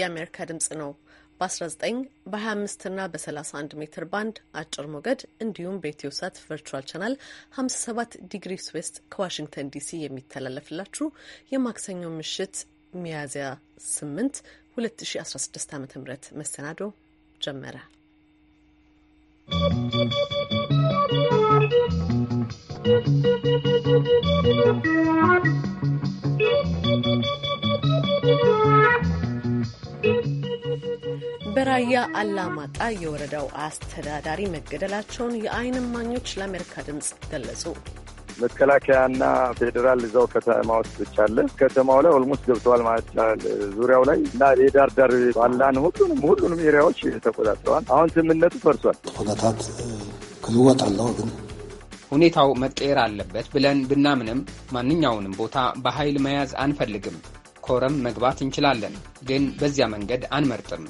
የአሜሪካ ድምጽ ነው። በ19 በ25 እና በ31 ሜትር ባንድ አጭር ሞገድ እንዲሁም በኢትዮ ሳት ቨርቹዋል ቻናል 57 ዲግሪ ስዌስት ከዋሽንግተን ዲሲ የሚተላለፍላችሁ የማክሰኞ ምሽት ሚያዝያ 8 2016 ዓ ም መሰናዶ ጀመረ። ¶¶ በራያ አላማጣ የወረዳው አስተዳዳሪ መገደላቸውን የዓይን እማኞች ለአሜሪካ ድምፅ ገለጹ። መከላከያና ፌዴራል እዛው ከተማ ውስጥ ብቻ አለ። ከተማው ላይ ኦልሞስት ገብተዋል ማለት ይቻላል። ዙሪያው ላይ እና የዳርዳር ባላን ሁሉንም ሁሉንም ኤሪያዎች ተቆጣጥረዋል። አሁን ስምነቱ ፈርሷል። ሁነታት ክልወጣለው ግን ሁኔታው መቀየር አለበት ብለን ብናምንም ማንኛውንም ቦታ በኃይል መያዝ አንፈልግም። ኮረም መግባት እንችላለን፣ ግን በዚያ መንገድ አንመርጥም።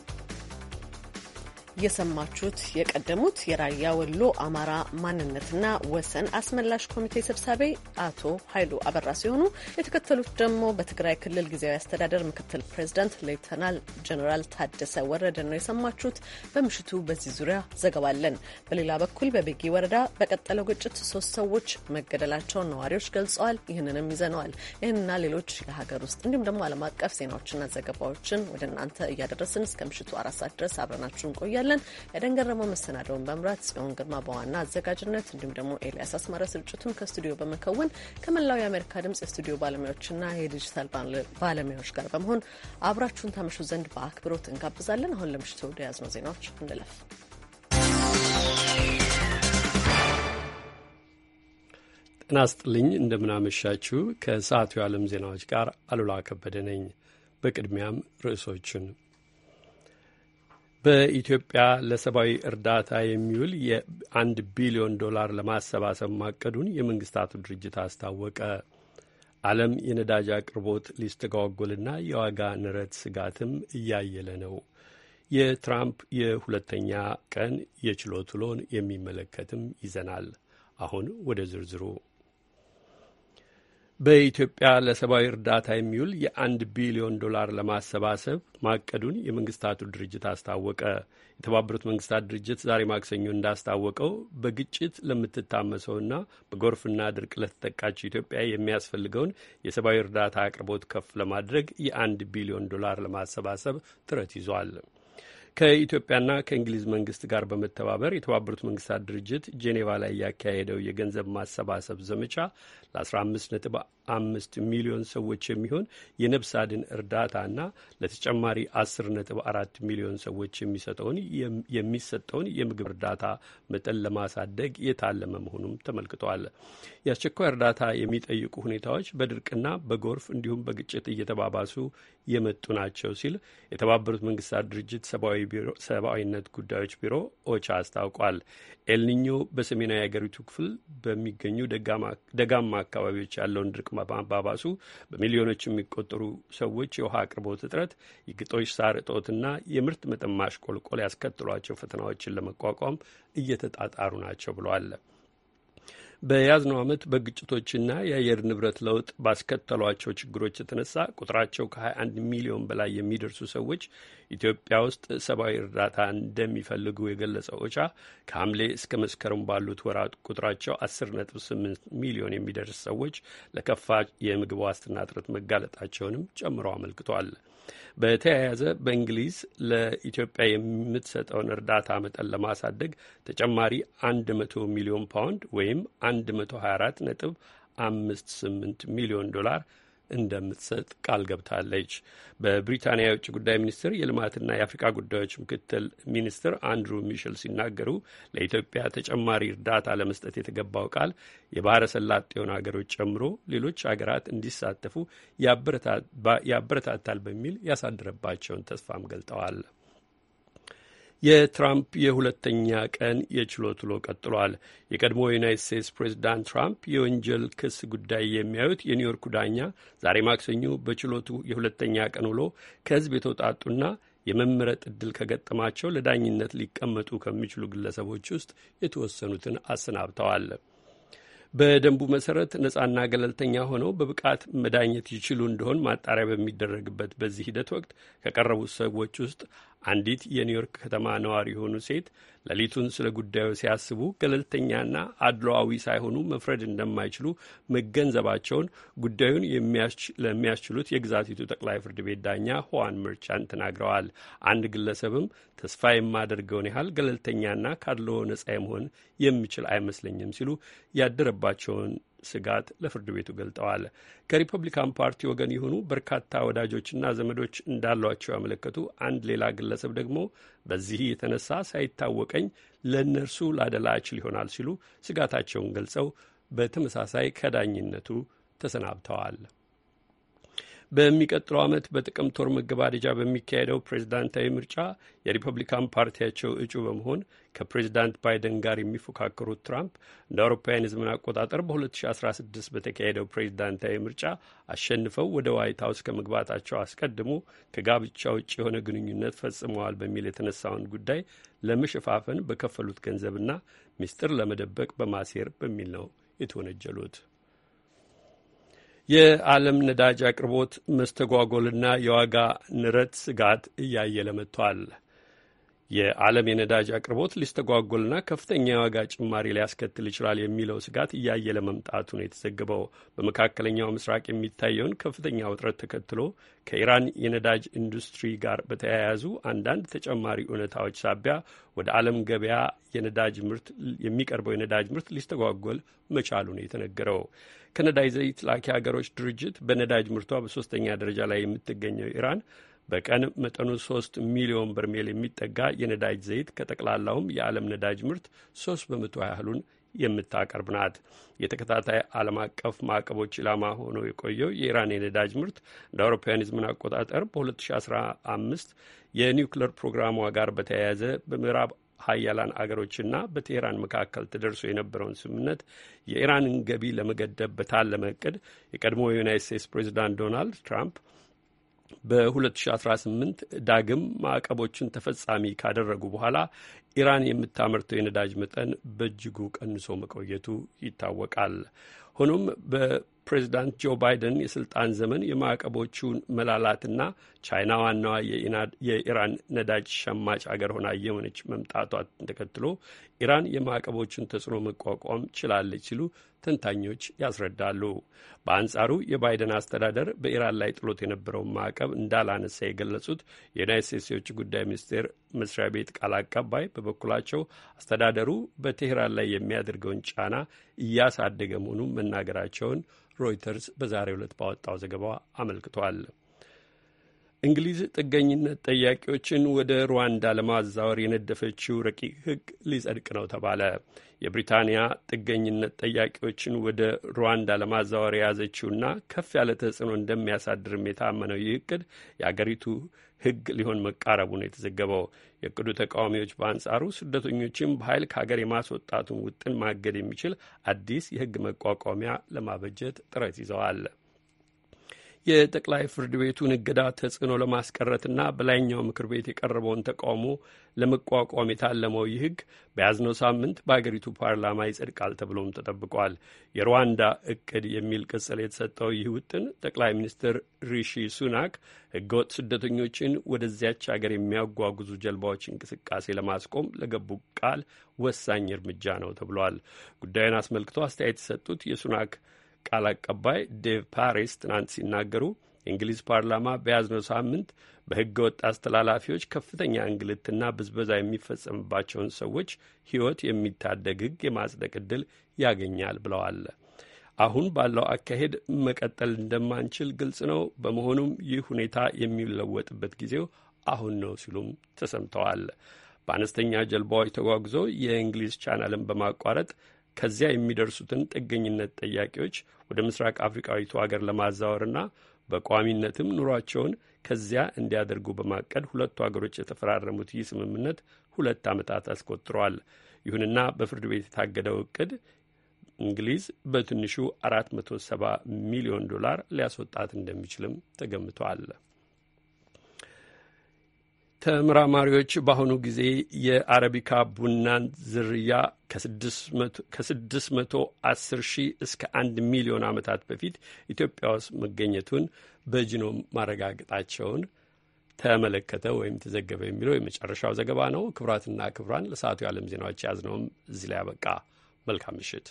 የሰማችሁት የቀደሙት የራያ ወሎ አማራ ማንነትና ወሰን አስመላሽ ኮሚቴ ሰብሳቢ አቶ ኃይሉ አበራ ሲሆኑ የተከተሉት ደግሞ በትግራይ ክልል ጊዜያዊ አስተዳደር ምክትል ፕሬዚዳንት ሌተናል ጀኔራል ታደሰ ወረደ ነው የሰማችሁት። በምሽቱ በዚህ ዙሪያ ዘገባለን። በሌላ በኩል በቤጊ ወረዳ በቀጠለው ግጭት ሶስት ሰዎች መገደላቸውን ነዋሪዎች ገልጸዋል። ይህንንም ይዘነዋል። ይህንና ሌሎች የሀገር ውስጥ እንዲሁም ደግሞ ዓለም አቀፍ ዜናዎችና ዘገባዎችን ወደ እናንተ እያደረስን እስከ ምሽቱ አራት ሰዓት ድረስ አብረናችሁ እንቆያለን። እናመሰግናለን። የደንገረመው መሰናደውን በምራት ጽዮን ግርማ በዋና አዘጋጅነት እንዲሁም ደግሞ ኤልያስ አስማረ ስርጭቱን ከስቱዲዮ በመከወን ከመላው የአሜሪካ ድምጽ የስቱዲዮ ባለሙያዎችና የዲጂታል ባለሙያዎች ጋር በመሆን አብራችሁን ታመሹ ዘንድ በአክብሮት እንጋብዛለን። አሁን ለምሽቱ ወደ ያዝነው ዜናዎች እንለፍ። ጤና ይስጥልኝ እንደምናመሻችሁ። ከሰዓቱ የዓለም ዜናዎች ጋር አሉላ ከበደ ነኝ። በቅድሚያም ርዕሶቹን በኢትዮጵያ ለሰብአዊ እርዳታ የሚውል የአንድ ቢሊዮን ዶላር ለማሰባሰብ ማቀዱን የመንግስታቱ ድርጅት አስታወቀ። ዓለም የነዳጅ አቅርቦት ሊስተጓጎልና የዋጋ ንረት ስጋትም እያየለ ነው። የትራምፕ የሁለተኛ ቀን የችሎት ውሎን የሚመለከትም ይዘናል። አሁን ወደ ዝርዝሩ በኢትዮጵያ ለሰብአዊ እርዳታ የሚውል የአንድ ቢሊዮን ዶላር ለማሰባሰብ ማቀዱን የመንግስታቱ ድርጅት አስታወቀ። የተባበሩት መንግስታት ድርጅት ዛሬ ማክሰኞ እንዳስታወቀው በግጭት ለምትታመሰውና በጎርፍና ድርቅ ለተጠቃችው ኢትዮጵያ የሚያስፈልገውን የሰብአዊ እርዳታ አቅርቦት ከፍ ለማድረግ የአንድ ቢሊዮን ዶላር ለማሰባሰብ ጥረት ይዟል። ከኢትዮጵያና ከእንግሊዝ መንግስት ጋር በመተባበር የተባበሩት መንግስታት ድርጅት ጄኔቫ ላይ ያካሄደው የገንዘብ ማሰባሰብ ዘመቻ ለ15 ነጥብ አምስት ሚሊዮን ሰዎች የሚሆን የነብስ አድን እርዳታና ለተጨማሪ አስር ነጥብ አራት ሚሊዮን ሰዎች የሚሰጠውን የሚሰጠውን የምግብ እርዳታ መጠን ለማሳደግ የታለመ መሆኑም ተመልክቷል። የአስቸኳይ እርዳታ የሚጠይቁ ሁኔታዎች በድርቅና በጎርፍ እንዲሁም በግጭት እየተባባሱ የመጡ ናቸው ሲል የተባበሩት መንግስታት ድርጅት ሰብአዊነት ጉዳዮች ቢሮ ኦቻ አስታውቋል። ኤልኒኞ በሰሜናዊ የአገሪቱ ክፍል በሚገኙ ደጋማ አካባቢዎች ያለውን ድርቅ ማባባሱ በሚሊዮኖች የሚቆጠሩ ሰዎች የውሃ አቅርቦት እጥረት፣ የግጦሽ ሳር እጦትና የምርት መጠን ማሽቆልቆል ያስከትሏቸው ፈተናዎችን ለመቋቋም እየተጣጣሩ ናቸው ብለዋል። በያዝነው ዓመት በግጭቶችና የአየር ንብረት ለውጥ ባስከተሏቸው ችግሮች የተነሳ ቁጥራቸው ከ21 ሚሊዮን በላይ የሚደርሱ ሰዎች ኢትዮጵያ ውስጥ ሰብአዊ እርዳታ እንደሚፈልጉ የገለጸው ኦቻ ከሐምሌ እስከ መስከረም ባሉት ወራት ቁጥራቸው 10.8 ሚሊዮን የሚደርስ ሰዎች ለከፋ የምግብ ዋስትና እጥረት መጋለጣቸውንም ጨምሮ አመልክቷል። በተያያዘ በእንግሊዝ ለኢትዮጵያ የምትሰጠውን እርዳታ መጠን ለማሳደግ ተጨማሪ 100 ሚሊዮን ፓውንድ ወይም 124 ነጥብ አምስት ስምንት ሚሊዮን ዶላር እንደምትሰጥ ቃል ገብታለች። በብሪታንያ የውጭ ጉዳይ ሚኒስትር የልማትና የአፍሪካ ጉዳዮች ምክትል ሚኒስትር አንድሩ ሚሽል ሲናገሩ ለኢትዮጵያ ተጨማሪ እርዳታ ለመስጠት የተገባው ቃል የባህረ ሰላጤውን ሀገሮች ጨምሮ ሌሎች ሀገራት እንዲሳተፉ ያበረታታል በሚል ያሳደረባቸውን ተስፋም ገልጠዋል። የትራምፕ የሁለተኛ ቀን የችሎት ውሎ ቀጥሏል። የቀድሞ ዩናይት ስቴትስ ፕሬዚዳንት ትራምፕ የወንጀል ክስ ጉዳይ የሚያዩት የኒውዮርኩ ዳኛ ዛሬ ማክሰኞ በችሎቱ የሁለተኛ ቀን ውሎ ከህዝብ የተውጣጡና የመምረጥ እድል ከገጠማቸው ለዳኝነት ሊቀመጡ ከሚችሉ ግለሰቦች ውስጥ የተወሰኑትን አሰናብተዋል። በደንቡ መሰረት ነጻና ገለልተኛ ሆነው በብቃት መዳኘት ይችሉ እንደሆን ማጣሪያ በሚደረግበት በዚህ ሂደት ወቅት ከቀረቡት ሰዎች ውስጥ አንዲት የኒውዮርክ ከተማ ነዋሪ የሆኑ ሴት ሌሊቱን ስለ ጉዳዩ ሲያስቡ ገለልተኛና አድሏዊ ሳይሆኑ መፍረድ እንደማይችሉ መገንዘባቸውን ጉዳዩን ለሚያስችሉት የግዛቲቱ ጠቅላይ ፍርድ ቤት ዳኛ ሁዋን ምርቻን ተናግረዋል። አንድ ግለሰብም ተስፋ የማደርገውን ያህል ገለልተኛና ካድሎ ነጻ የመሆን የሚችል አይመስለኝም ሲሉ ያደረባቸውን ስጋት ለፍርድ ቤቱ ገልጠዋል። ከሪፐብሊካን ፓርቲ ወገን የሆኑ በርካታ ወዳጆችና ዘመዶች እንዳሏቸው ያመለከቱ አንድ ሌላ ግለሰብ ደግሞ በዚህ የተነሳ ሳይታወቀኝ ለእነርሱ ላደላ እችል ይሆናል ሲሉ ስጋታቸውን ገልጸው በተመሳሳይ ከዳኝነቱ ተሰናብተዋል። በሚቀጥለው ዓመት በጥቅምት ወር መገባደጃ በሚካሄደው ፕሬዝዳንታዊ ምርጫ የሪፐብሊካን ፓርቲያቸው እጩ በመሆን ከፕሬዝዳንት ባይደን ጋር የሚፎካከሩት ትራምፕ እንደ አውሮፓውያን ሕዝብን አቆጣጠር በ2016 በተካሄደው ፕሬዚዳንታዊ ምርጫ አሸንፈው ወደ ዋይት ሀውስ ከመግባታቸው አስቀድሞ ከጋብቻ ውጭ የሆነ ግንኙነት ፈጽመዋል በሚል የተነሳውን ጉዳይ ለመሸፋፈን በከፈሉት ገንዘብና ሚስጥር ለመደበቅ በማሴር በሚል ነው የተወነጀሉት። የዓለም ነዳጅ አቅርቦት መስተጓጎልና የዋጋ ንረት ስጋት እያየለ መጥቷል። የዓለም የነዳጅ አቅርቦት ሊስተጓጎልና ከፍተኛ የዋጋ ጭማሪ ሊያስከትል ይችላል የሚለው ስጋት እያየለ መምጣቱ ነው የተዘገበው። በመካከለኛው ምስራቅ የሚታየውን ከፍተኛ ውጥረት ተከትሎ ከኢራን የነዳጅ ኢንዱስትሪ ጋር በተያያዙ አንዳንድ ተጨማሪ እውነታዎች ሳቢያ ወደ ዓለም ገበያ የነዳጅ ምርት የሚቀርበው የነዳጅ ምርት ሊስተጓጎል መቻሉ ነው የተነገረው። ከነዳጅ ዘይት ላኪ ሀገሮች ድርጅት በነዳጅ ምርቷ በሶስተኛ ደረጃ ላይ የምትገኘው ኢራን በቀን መጠኑ ሶስት ሚሊዮን በርሜል የሚጠጋ የነዳጅ ዘይት ከጠቅላላውም የዓለም ነዳጅ ምርት ሶስት በመቶ ያህሉን የምታቀርብ ናት። የተከታታይ ዓለም አቀፍ ማዕቀቦች ኢላማ ሆኖ የቆየው የኢራን የነዳጅ ምርት እንደ አውሮፓውያን የዘመን አቆጣጠር በ2015 የኒውክሌር ፕሮግራሟ ጋር በተያያዘ በምዕራብ ሀያላን አገሮችና በቴህራን መካከል ተደርሶ የነበረውን ስምምነት የኢራንን ገቢ ለመገደብ በታለመ እቅድ የቀድሞ የዩናይት ስቴትስ ፕሬዚዳንት ዶናልድ ትራምፕ በ2018 ዳግም ማዕቀቦችን ተፈጻሚ ካደረጉ በኋላ ኢራን የምታመርተው የነዳጅ መጠን በእጅጉ ቀንሶ መቆየቱ ይታወቃል። ሆኖም ፕሬዚዳንት ጆ ባይደን የስልጣን ዘመን የማዕቀቦቹን መላላትና ቻይና ዋናዋ የኢራን ነዳጅ ሸማች አገር ሆና እየሆነች መምጣቷ ተከትሎ ኢራን የማዕቀቦቹን ተጽዕኖ መቋቋም ችላለች ሲሉ ተንታኞች ያስረዳሉ። በአንጻሩ የባይደን አስተዳደር በኢራን ላይ ጥሎት የነበረውን ማዕቀብ እንዳላነሳ የገለጹት የዩናይት ስቴትስ የውጭ ጉዳይ ሚኒስቴር መስሪያ ቤት ቃል አቀባይ በበኩላቸው አስተዳደሩ በቴህራን ላይ የሚያደርገውን ጫና እያሳደገ መሆኑን መናገራቸውን ሮይተርስ በዛሬው ዕለት ባወጣው ዘገባ አመልክቷል። እንግሊዝ ጥገኝነት ጠያቂዎችን ወደ ሩዋንዳ ለማዛወር የነደፈችው ረቂቅ ሕግ ሊጸድቅ ነው ተባለ። የብሪታንያ ጥገኝነት ጠያቂዎችን ወደ ሩዋንዳ ለማዛወር የያዘችውና ከፍ ያለ ተጽዕኖ እንደሚያሳድርም የታመነው ይህ እቅድ የአገሪቱ ሕግ ሊሆን መቃረቡ ነው የተዘገበው። የእቅዱ ተቃዋሚዎች በአንጻሩ ስደተኞችን በኃይል ከሀገር የማስወጣቱን ውጥን ማገድ የሚችል አዲስ የሕግ መቋቋሚያ ለማበጀት ጥረት ይዘዋል። የጠቅላይ ፍርድ ቤቱን እገዳ ተጽዕኖ ለማስቀረትና በላይኛው ምክር ቤት የቀረበውን ተቃውሞ ለመቋቋም የታለመው ይህ ህግ በያዝነው ሳምንት በአገሪቱ ፓርላማ ይጸድቃል ተብሎም ተጠብቋል። የሩዋንዳ እቅድ የሚል ቅጽል የተሰጠው ይህ ውጥን ጠቅላይ ሚኒስትር ሪሺ ሱናክ ህገወጥ ስደተኞችን ወደዚያች አገር የሚያጓጉዙ ጀልባዎች እንቅስቃሴ ለማስቆም ለገቡ ቃል ወሳኝ እርምጃ ነው ተብሏል። ጉዳዩን አስመልክቶ አስተያየት የሰጡት የሱናክ ቃል አቀባይ ዴቭ ፓሪስ ትናንት ሲናገሩ የእንግሊዝ ፓርላማ በያዝነው ሳምንት በሕገ ወጥ አስተላላፊዎች ከፍተኛ እንግልትና ብዝበዛ የሚፈጸምባቸውን ሰዎች ሕይወት የሚታደግ ሕግ የማጽደቅ ዕድል ያገኛል ብለዋል። አሁን ባለው አካሄድ መቀጠል እንደማንችል ግልጽ ነው። በመሆኑም ይህ ሁኔታ የሚለወጥበት ጊዜው አሁን ነው ሲሉም ተሰምተዋል። በአነስተኛ ጀልባዎች ተጓጉዘው የእንግሊዝ ቻናልን በማቋረጥ ከዚያ የሚደርሱትን ጥገኝነት ጠያቂዎች ወደ ምስራቅ አፍሪካዊቱ አገር ለማዛወርና በቋሚነትም ኑሯቸውን ከዚያ እንዲያደርጉ በማቀድ ሁለቱ አገሮች የተፈራረሙት ይህ ስምምነት ሁለት ዓመታት አስቆጥሯል። ይሁንና በፍርድ ቤት የታገደው እቅድ እንግሊዝ በትንሹ 470 ሚሊዮን ዶላር ሊያስወጣት እንደሚችልም ተገምቷል። ተመራማሪዎች በአሁኑ ጊዜ የአረቢካ ቡናን ዝርያ ከ አስር ሺህ እስከ አንድ ሚሊዮን ዓመታት በፊት ኢትዮጵያ ውስጥ መገኘቱን በጂኖም ማረጋገጣቸውን ተመለከተ ወይም ተዘገበ የሚለው የመጨረሻው ዘገባ ነው። ክቡራትና ክቡራን ለሰዓቱ የዓለም ዜናዎች ያዝነውም እዚህ ላይ ያበቃ። መልካም ምሽት።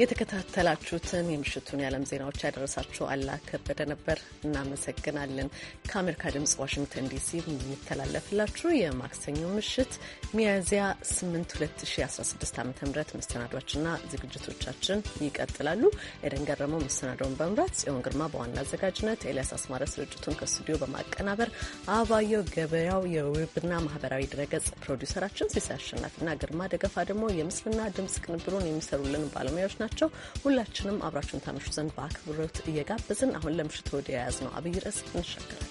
የተከታተላችሁትን የምሽቱን የዓለም ዜናዎች ያደረሳችሁ አላ ከበደ ነበር። እናመሰግናለን። ከአሜሪካ ድምጽ ዋሽንግተን ዲሲ የሚተላለፍላችሁ የማክሰኞ ምሽት ሚያዝያ 8 2016 ዓ ም መሰናዷችንና ዝግጅቶቻችን ይቀጥላሉ። ኤደን ገረመው መሰናዶውን በመምራት ጽዮን ግርማ በዋና አዘጋጅነት፣ ኤልያስ አስማረ ስርጭቱን ከስቱዲዮ በማቀናበር አባየው ገበያው የዌብና ማህበራዊ ድረገጽ ፕሮዲውሰራችን ሲሳይ አሸናፊና ግርማ ደገፋ ደግሞ የምስልና ድምጽ ቅንብሩን የሚሰሩልን ባለሙያዎች ናቸው። ናቸው። ሁላችንም አብራችሁን ታመሹ ዘንድ በአክብሮት እየጋበዝን አሁን ለምሽቱ ወደ የያዝነው አብይ ርዕስ እንሻገራለን።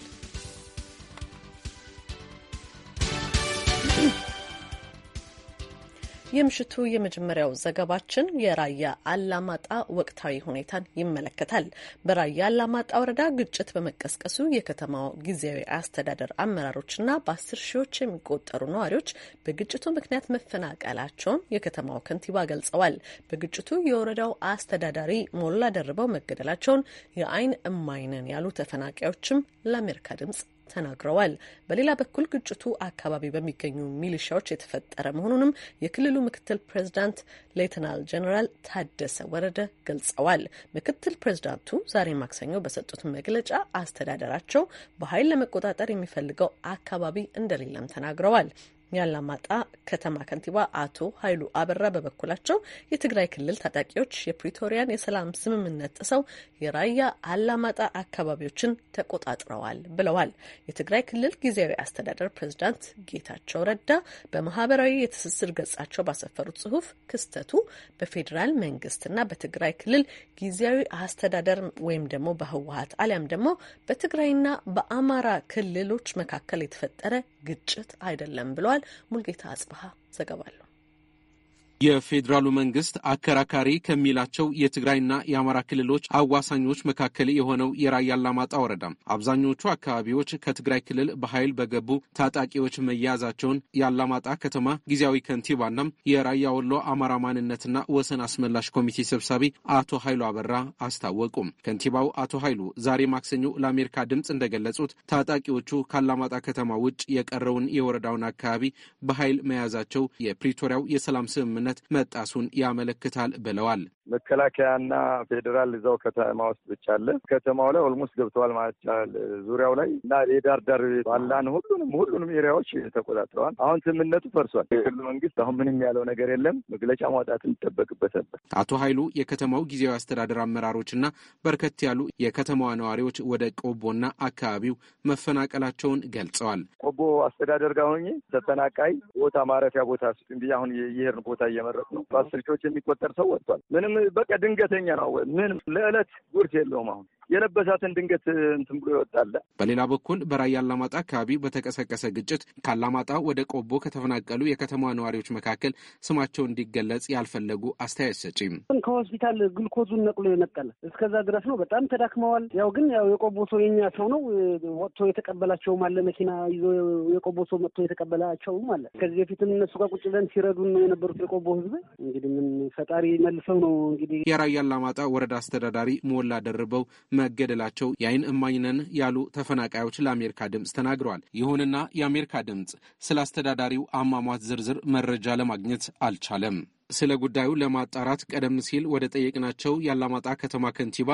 የምሽቱ የመጀመሪያው ዘገባችን የራያ አላማጣ ወቅታዊ ሁኔታን ይመለከታል። በራያ አላማጣ ወረዳ ግጭት በመቀስቀሱ የከተማው ጊዜያዊ አስተዳደር አመራሮችና በአስር ሺዎች የሚቆጠሩ ነዋሪዎች በግጭቱ ምክንያት መፈናቀላቸውን የከተማው ከንቲባ ገልጸዋል። በግጭቱ የወረዳው አስተዳዳሪ ሞላ ደርበው መገደላቸውን የአይን እማይነን ያሉ ተፈናቃዮችም ለአሜሪካ ድምጽ ተናግረዋል። በሌላ በኩል ግጭቱ አካባቢ በሚገኙ ሚሊሻዎች የተፈጠረ መሆኑንም የክልሉ ምክትል ፕሬዚዳንት ሌተናል ጀኔራል ታደሰ ወረደ ገልጸዋል። ምክትል ፕሬዚዳንቱ ዛሬ ማክሰኞ በሰጡት መግለጫ አስተዳደራቸው በኃይል ለመቆጣጠር የሚፈልገው አካባቢ እንደሌለም ተናግረዋል። የአላማጣ ከተማ ከንቲባ አቶ ኃይሉ አበራ በበኩላቸው የትግራይ ክልል ታጣቂዎች የፕሪቶሪያን የሰላም ስምምነት ጥሰው የራያ አላማጣ አካባቢዎችን ተቆጣጥረዋል ብለዋል። የትግራይ ክልል ጊዜያዊ አስተዳደር ፕሬዝዳንት ጌታቸው ረዳ በማህበራዊ የትስስር ገጻቸው ባሰፈሩት ጽሁፍ ክስተቱ በፌዴራል መንግስትና በትግራይ ክልል ጊዜያዊ አስተዳደር ወይም ደግሞ በህወሀት አሊያም ደግሞ በትግራይና በአማራ ክልሎች መካከል የተፈጠረ ግጭት አይደለም ብለዋል። ሙልጌታ አጽብሃ ዘገባለሁ። የፌዴራሉ መንግስት አከራካሪ ከሚላቸው የትግራይና የአማራ ክልሎች አዋሳኞች መካከል የሆነው የራያ አላማጣ ወረዳ አብዛኞቹ አካባቢዎች ከትግራይ ክልል በኃይል በገቡ ታጣቂዎች መያዛቸውን የአላማጣ ከተማ ጊዜያዊ ከንቲባና የራያ ወሎ አማራ ማንነትና ወሰን አስመላሽ ኮሚቴ ሰብሳቢ አቶ ኃይሉ አበራ አስታወቁም። ከንቲባው አቶ ኃይሉ ዛሬ ማክሰኞ ለአሜሪካ ድምፅ እንደገለጹት ታጣቂዎቹ ከአላማጣ ከተማ ውጭ የቀረውን የወረዳውን አካባቢ በኃይል መያዛቸው የፕሪቶሪያው የሰላም ስምምነት ነጻነት መጣሱን ያመለክታል ብለዋል። መከላከያና ፌዴራል እዛው ከተማ ውስጥ ብቻ አለ። ከተማው ላይ ኦልሞስት ገብተዋል ማለት ይቻላል። ዙሪያው ላይ እና የዳርዳር ባላን ሁሉንም ሁሉንም ኤሪያዎች ተቆጣጥረዋል። አሁን ስምምነቱ ፈርሷል። የክልሉ መንግስት አሁን ምንም ያለው ነገር የለም። መግለጫ ማውጣት ይጠበቅበታል። አቶ ኃይሉ የከተማው ጊዜያዊ አስተዳደር አመራሮችና በርከት ያሉ የከተማዋ ነዋሪዎች ወደ ቆቦና አካባቢው መፈናቀላቸውን ገልጸዋል። ቆቦ አስተዳደር ጋር ሆኜ ተፈናቃይ ቦታ ማረፊያ ቦታ ስጡኝ ብዬ አሁን የሄድን ቦታ እየመረጥ ነው። በአስር ሺዎች የሚቆጠር ሰው ወጥቷል ምንም በቃ ድንገተኛ ነው። ምን ለዕለት ጉርስ የለውም። አሁን የለበሳትን ድንገት እንትን ብሎ ይወጣለ። በሌላ በኩል በራያ አላማጣ አካባቢ በተቀሰቀሰ ግጭት ከአላማጣ ወደ ቆቦ ከተፈናቀሉ የከተማ ነዋሪዎች መካከል ስማቸው እንዲገለጽ ያልፈለጉ አስተያየት ሰጪም ከሆስፒታል ግልኮዙን ነቅሎ የነቀለ እስከዛ ድረስ ነው። በጣም ተዳክመዋል። ያው ግን ያው የቆቦ ሰው የኛ ሰው ነው። ወጥቶ የተቀበላቸውም አለ። መኪና ይዞ የቆቦ ሰው መጥቶ የተቀበላቸውም አለ። ከዚህ በፊትም እነሱ ጋር ቁጭ ብለን ሲረዱን ነው የነበሩት የቆቦ ህዝብ። እንግዲህ ምን ፈጣሪ መልሰው ነው እንግዲህ የራያ አላማጣ ወረዳ አስተዳዳሪ ሞላ ደርበው መገደላቸው የአይን እማኝነን ያሉ ተፈናቃዮች ለአሜሪካ ድምፅ ተናግረዋል። ይሁንና የአሜሪካ ድምፅ ስለ አስተዳዳሪው አሟሟት ዝርዝር መረጃ ለማግኘት አልቻለም። ስለ ጉዳዩ ለማጣራት ቀደም ሲል ወደ ጠየቅናቸው የአላማጣ ከተማ ከንቲባ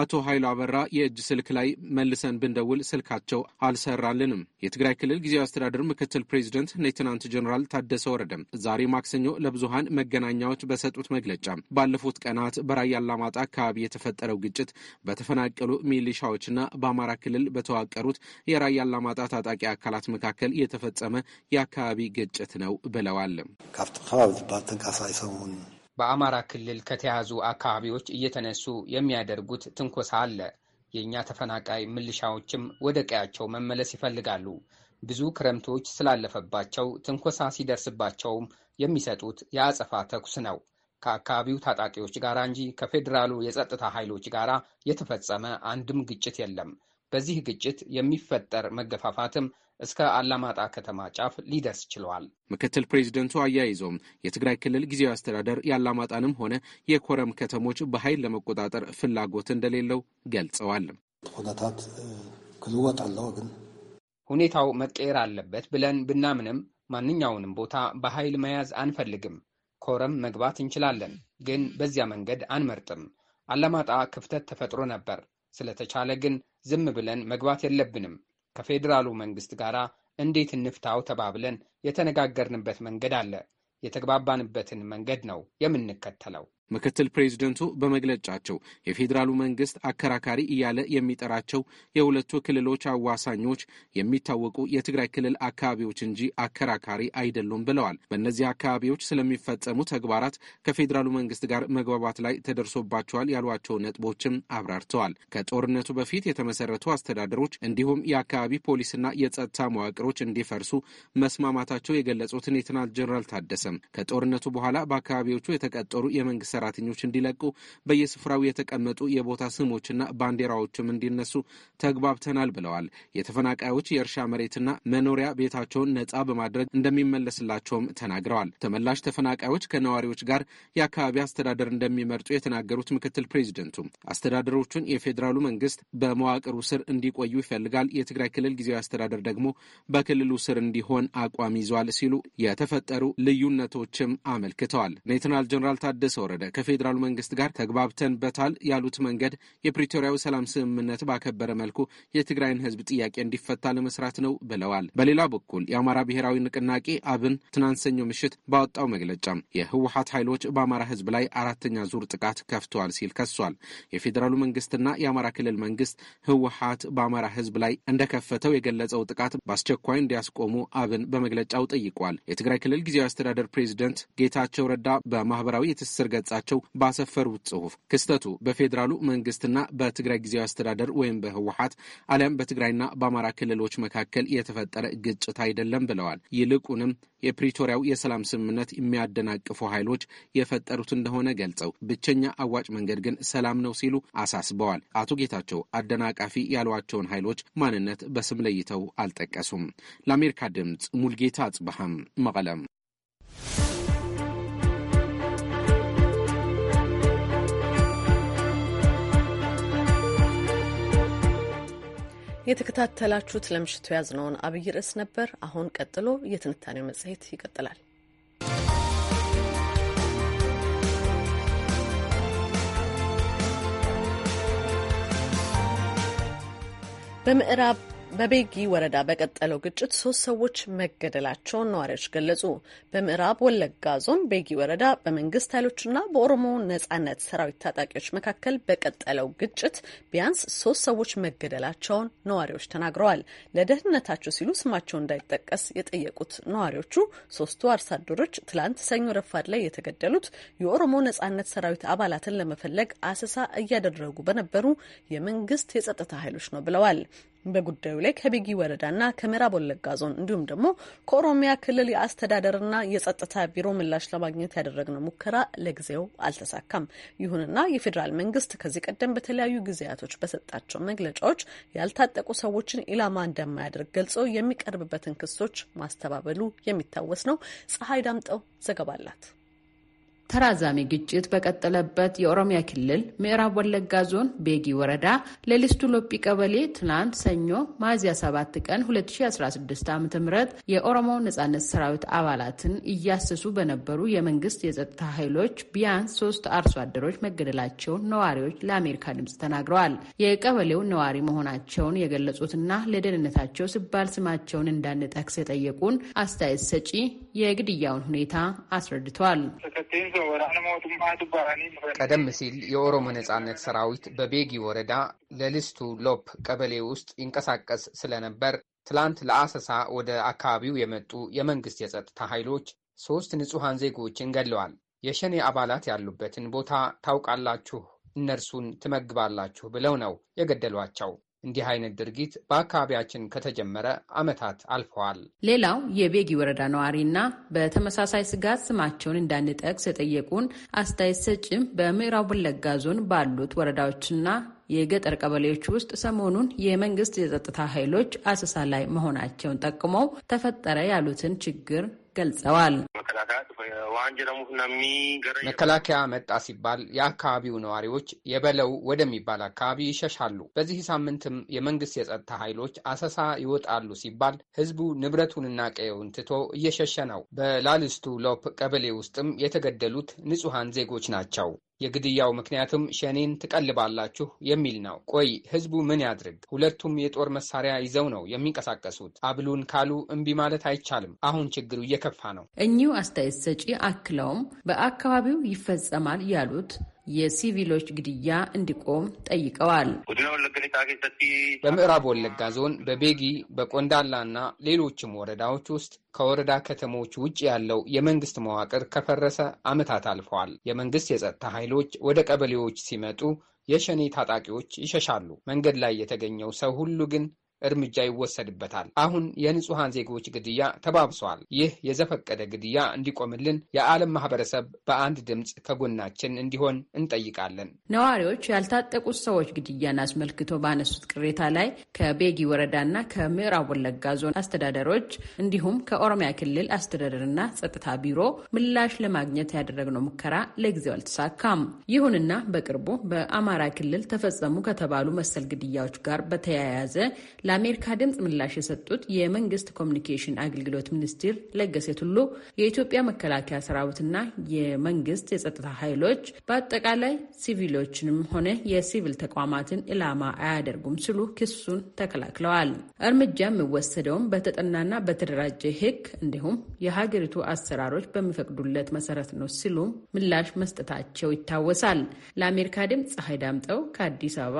አቶ ኃይሉ አበራ የእጅ ስልክ ላይ መልሰን ብንደውል ስልካቸው አልሰራልንም። የትግራይ ክልል ጊዜያዊ አስተዳደር ምክትል ፕሬዚደንት ሌትናንት ጀኔራል ታደሰ ወረደም ዛሬ ማክሰኞ ለብዙሃን መገናኛዎች በሰጡት መግለጫ ባለፉት ቀናት በራያ አላማጣ አካባቢ የተፈጠረው ግጭት በተፈናቀሉ ሚሊሻዎችና በአማራ ክልል በተዋቀሩት የራያ አላማጣ ታጣቂ አካላት መካከል የተፈጸመ የአካባቢ ግጭት ነው ብለዋል። ካብቲ ከባቢ ዝበሃል ተንቀሳቀሲ ሰውን በአማራ ክልል ከተያዙ አካባቢዎች እየተነሱ የሚያደርጉት ትንኮሳ አለ። የእኛ ተፈናቃይ ምልሻዎችም ወደ ቀያቸው መመለስ ይፈልጋሉ። ብዙ ክረምቶች ስላለፈባቸው ትንኮሳ ሲደርስባቸውም የሚሰጡት የአጸፋ ተኩስ ነው ከአካባቢው ታጣቂዎች ጋር እንጂ ከፌዴራሉ የጸጥታ ኃይሎች ጋር የተፈጸመ አንድም ግጭት የለም። በዚህ ግጭት የሚፈጠር መገፋፋትም እስከ አላማጣ ከተማ ጫፍ ሊደርስ ችሏል። ምክትል ፕሬዚደንቱ አያይዘውም የትግራይ ክልል ጊዜያዊ አስተዳደር የአላማጣንም ሆነ የኮረም ከተሞች በኃይል ለመቆጣጠር ፍላጎት እንደሌለው ገልጸዋል። ሁነታት ክልወጥ አለው ግን ሁኔታው መቀየር አለበት ብለን ብናምንም ማንኛውንም ቦታ በኃይል መያዝ አንፈልግም። ኮረም መግባት እንችላለን፣ ግን በዚያ መንገድ አንመርጥም። አላማጣ ክፍተት ተፈጥሮ ነበር። ስለተቻለ ግን ዝም ብለን መግባት የለብንም ከፌዴራሉ መንግስት ጋር እንዴት እንፍታው ተባብለን የተነጋገርንበት መንገድ አለ። የተግባባንበትን መንገድ ነው የምንከተለው። ምክትል ፕሬዚደንቱ በመግለጫቸው የፌዴራሉ መንግስት አከራካሪ እያለ የሚጠራቸው የሁለቱ ክልሎች አዋሳኞች የሚታወቁ የትግራይ ክልል አካባቢዎች እንጂ አከራካሪ አይደሉም ብለዋል። በእነዚህ አካባቢዎች ስለሚፈጸሙ ተግባራት ከፌዴራሉ መንግስት ጋር መግባባት ላይ ተደርሶባቸዋል ያሏቸው ነጥቦችም አብራርተዋል። ከጦርነቱ በፊት የተመሰረቱ አስተዳደሮች እንዲሁም የአካባቢ ፖሊስና የጸጥታ መዋቅሮች እንዲፈርሱ መስማማታቸው የገለጹትን የትናንት ጀኔራል ታደሰም ከጦርነቱ በኋላ በአካባቢዎቹ የተቀጠሩ የመንግስት ሰራተኞች እንዲለቁ በየስፍራው የተቀመጡ የቦታ ስሞችና ባንዲራዎችም እንዲነሱ ተግባብተናል ብለዋል። የተፈናቃዮች የእርሻ መሬትና መኖሪያ ቤታቸውን ነጻ በማድረግ እንደሚመለስላቸውም ተናግረዋል። ተመላሽ ተፈናቃዮች ከነዋሪዎች ጋር የአካባቢ አስተዳደር እንደሚመርጡ የተናገሩት ምክትል ፕሬዚደንቱ አስተዳደሮቹን የፌዴራሉ መንግስት በመዋቅሩ ስር እንዲቆዩ ይፈልጋል፣ የትግራይ ክልል ጊዜያዊ አስተዳደር ደግሞ በክልሉ ስር እንዲሆን አቋም ይዟል ሲሉ የተፈጠሩ ልዩነቶችም አመልክተዋል። ሌተናል ጀኔራል ታደሰ ወረደ ከፌዴራሉ መንግስት ጋር ተግባብተንበታል ያሉት መንገድ የፕሪቶሪያው ሰላም ስምምነት ባከበረ መልኩ የትግራይን ህዝብ ጥያቄ እንዲፈታ ለመስራት ነው ብለዋል። በሌላ በኩል የአማራ ብሔራዊ ንቅናቄ አብን ትናንት ሰኞ ምሽት ባወጣው መግለጫ የህወሀት ኃይሎች በአማራ ህዝብ ላይ አራተኛ ዙር ጥቃት ከፍተዋል ሲል ከሷል። የፌዴራሉ መንግስትና የአማራ ክልል መንግስት ህወሀት በአማራ ህዝብ ላይ እንደከፈተው የገለጸው ጥቃት በአስቸኳይ እንዲያስቆሙ አብን በመግለጫው ጠይቋል። የትግራይ ክልል ጊዜያዊ አስተዳደር ፕሬዚደንት ጌታቸው ረዳ በማህበራዊ የትስስር ገጻ ገጻቸው ባሰፈሩት ጽሁፍ ክስተቱ በፌዴራሉ መንግስትና በትግራይ ጊዜያዊ አስተዳደር ወይም በህወሀት አሊያም በትግራይና በአማራ ክልሎች መካከል የተፈጠረ ግጭት አይደለም ብለዋል። ይልቁንም የፕሪቶሪያው የሰላም ስምምነት የሚያደናቅፉ ኃይሎች የፈጠሩት እንደሆነ ገልጸው ብቸኛ አዋጭ መንገድ ግን ሰላም ነው ሲሉ አሳስበዋል። አቶ ጌታቸው አደናቃፊ ያሏቸውን ኃይሎች ማንነት በስም ለይተው አልጠቀሱም። ለአሜሪካ ድምፅ ሙልጌታ አጽበሃም መቀለም የተከታተላችሁት ለምሽቱ ነውን አብይ ርዕስ ነበር። አሁን ቀጥሎ የትንታኔው መጽሔት ይቀጥላል። በምዕራብ በቤጊ ወረዳ በቀጠለው ግጭት ሶስት ሰዎች መገደላቸውን ነዋሪዎች ገለጹ። በምዕራብ ወለጋ ዞን ቤጊ ወረዳ በመንግስት ኃይሎችና በኦሮሞ ነጻነት ሰራዊት ታጣቂዎች መካከል በቀጠለው ግጭት ቢያንስ ሶስት ሰዎች መገደላቸውን ነዋሪዎች ተናግረዋል። ለደህንነታቸው ሲሉ ስማቸው እንዳይጠቀስ የጠየቁት ነዋሪዎቹ ሶስቱ አርሶ አደሮች ትላንት ሰኞ ረፋድ ላይ የተገደሉት የኦሮሞ ነጻነት ሰራዊት አባላትን ለመፈለግ አሰሳ እያደረጉ በነበሩ የመንግስት የጸጥታ ኃይሎች ነው ብለዋል። በጉዳዩ ላይ ከቤጊ ወረዳና ከምዕራብ ወለጋ ዞን እንዲሁም ደግሞ ከኦሮሚያ ክልል የአስተዳደርና የጸጥታ ቢሮ ምላሽ ለማግኘት ያደረግነው ሙከራ ለጊዜው አልተሳካም። ይሁንና የፌዴራል መንግስት ከዚህ ቀደም በተለያዩ ጊዜያቶች በሰጣቸው መግለጫዎች ያልታጠቁ ሰዎችን ኢላማ እንደማያደርግ ገልጾ የሚቀርብበትን ክሶች ማስተባበሉ የሚታወስ ነው። ፀሐይ ዳምጠው ዘገባ አላት። ተራዛሚ ግጭት በቀጠለበት የኦሮሚያ ክልል ምዕራብ ወለጋ ዞን ቤጊ ወረዳ ለሊስቱ ሎጲ ቀበሌ ትናንት ሰኞ ሚያዝያ 7 ቀን 2016 ዓ ም የኦሮሞ ነጻነት ሰራዊት አባላትን እያሰሱ በነበሩ የመንግስት የጸጥታ ኃይሎች ቢያንስ ሶስት አርሶ አደሮች መገደላቸውን ነዋሪዎች ለአሜሪካ ድምፅ ተናግረዋል። የቀበሌው ነዋሪ መሆናቸውን የገለጹትና ለደህንነታቸው ሲባል ስማቸውን እንዳንጠቅስ የጠየቁን አስተያየት ሰጪ የግድያውን ሁኔታ አስረድተዋል። ቀደም ሲል የኦሮሞ ነጻነት ሰራዊት በቤጊ ወረዳ ለልስቱ ሎፕ ቀበሌ ውስጥ ይንቀሳቀስ ስለነበር ትላንት ለአሰሳ ወደ አካባቢው የመጡ የመንግስት የጸጥታ ኃይሎች ሦስት ንጹሐን ዜጎችን ገለዋል። የሸኔ አባላት ያሉበትን ቦታ ታውቃላችሁ፣ እነርሱን ትመግባላችሁ ብለው ነው የገደሏቸው። እንዲህ አይነት ድርጊት በአካባቢያችን ከተጀመረ ዓመታት አልፈዋል። ሌላው የቤጊ ወረዳ ነዋሪና በተመሳሳይ ስጋት ስማቸውን እንዳንጠቅስ የጠየቁን አስተያየት ሰጭም በምዕራብ ወለጋ ዞን ባሉት ወረዳዎችና የገጠር ቀበሌዎች ውስጥ ሰሞኑን የመንግስት የጸጥታ ኃይሎች አሰሳ ላይ መሆናቸውን ጠቅመው ተፈጠረ ያሉትን ችግር ገልጸዋል። መከላከያ መጣ ሲባል የአካባቢው ነዋሪዎች የበለው ወደሚባል አካባቢ ይሸሻሉ። በዚህ ሳምንትም የመንግስት የጸጥታ ኃይሎች አሰሳ ይወጣሉ ሲባል ህዝቡ ንብረቱንና ቀየውን ትቶ እየሸሸ ነው። በላልስቱ ሎፕ ቀበሌ ውስጥም የተገደሉት ንጹሐን ዜጎች ናቸው። የግድያው ምክንያትም ሸኔን ትቀልባላችሁ የሚል ነው። ቆይ ህዝቡ ምን ያድርግ? ሁለቱም የጦር መሳሪያ ይዘው ነው የሚንቀሳቀሱት። አብሉን ካሉ እምቢ ማለት አይቻልም። አሁን ችግሩ እየከፋ ነው። እኚሁ አስተያየት ሰጪ አክለውም በአካባቢው ይፈጸማል ያሉት የሲቪሎች ግድያ እንዲቆም ጠይቀዋል። በምዕራብ ወለጋ ዞን በቤጊ በቆንዳላ እና ሌሎችም ወረዳዎች ውስጥ ከወረዳ ከተሞች ውጭ ያለው የመንግስት መዋቅር ከፈረሰ ዓመታት አልፈዋል። የመንግስት የጸጥታ ኃይሎች ወደ ቀበሌዎች ሲመጡ የሸኔ ታጣቂዎች ይሸሻሉ። መንገድ ላይ የተገኘው ሰው ሁሉ ግን እርምጃ ይወሰድበታል። አሁን የንጹሐን ዜጎች ግድያ ተባብሷል። ይህ የዘፈቀደ ግድያ እንዲቆምልን የዓለም ማህበረሰብ በአንድ ድምፅ ከጎናችን እንዲሆን እንጠይቃለን። ነዋሪዎች ያልታጠቁት ሰዎች ግድያን አስመልክቶ ባነሱት ቅሬታ ላይ ከቤጊ ወረዳና ከምዕራብ ወለጋ ዞን አስተዳደሮች እንዲሁም ከኦሮሚያ ክልል አስተዳደርና ጸጥታ ቢሮ ምላሽ ለማግኘት ያደረግነው ሙከራ ለጊዜው አልተሳካም። ይሁንና በቅርቡ በአማራ ክልል ተፈጸሙ ከተባሉ መሰል ግድያዎች ጋር በተያያዘ ለአሜሪካ ድምፅ ምላሽ የሰጡት የመንግስት ኮሚኒኬሽን አገልግሎት ሚኒስትር ለገሰ ቱሉ የኢትዮጵያ መከላከያ ሰራዊትና የመንግስት የጸጥታ ኃይሎች በአጠቃላይ ሲቪሎችንም ሆነ የሲቪል ተቋማትን ኢላማ አያደርጉም ሲሉ ክሱን ተከላክለዋል። እርምጃ የሚወሰደውም በተጠናና በተደራጀ ህግ እንዲሁም የሀገሪቱ አሰራሮች በሚፈቅዱለት መሰረት ነው ሲሉ ምላሽ መስጠታቸው ይታወሳል። ለአሜሪካ ድምፅ ፀሐይ ዳምጠው ከአዲስ አበባ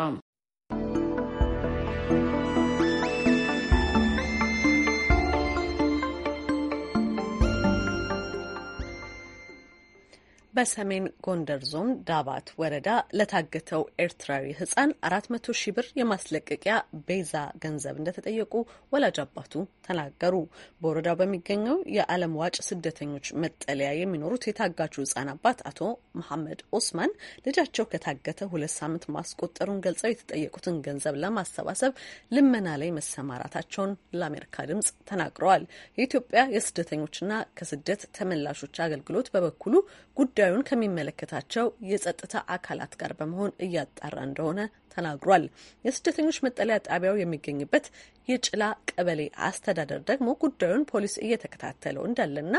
በሰሜን ጎንደር ዞን ዳባት ወረዳ ለታገተው ኤርትራዊ ህጻን አራት መቶ ሺህ ብር የማስለቀቂያ ቤዛ ገንዘብ እንደተጠየቁ ወላጅ አባቱ ተናገሩ። በወረዳው በሚገኘው የዓለም ዋጭ ስደተኞች መጠለያ የሚኖሩት የታጋቹ ህጻን አባት አቶ መሐመድ ኦስማን ልጃቸው ከታገተ ሁለት ሳምንት ማስቆጠሩን ገልጸው የተጠየቁትን ገንዘብ ለማሰባሰብ ልመና ላይ መሰማራታቸውን ለአሜሪካ ድምጽ ተናግረዋል። የኢትዮጵያ የስደተኞችና ከስደት ተመላሾች አገልግሎት በበኩሉ ጉዳዩ ጉዳዩን ከሚመለከታቸው የጸጥታ አካላት ጋር በመሆን እያጣራ እንደሆነ ተናግሯል። የስደተኞች መጠለያ ጣቢያው የሚገኝበት የጭላ ቀበሌ አስተዳደር ደግሞ ጉዳዩን ፖሊስ እየተከታተለው እንዳለና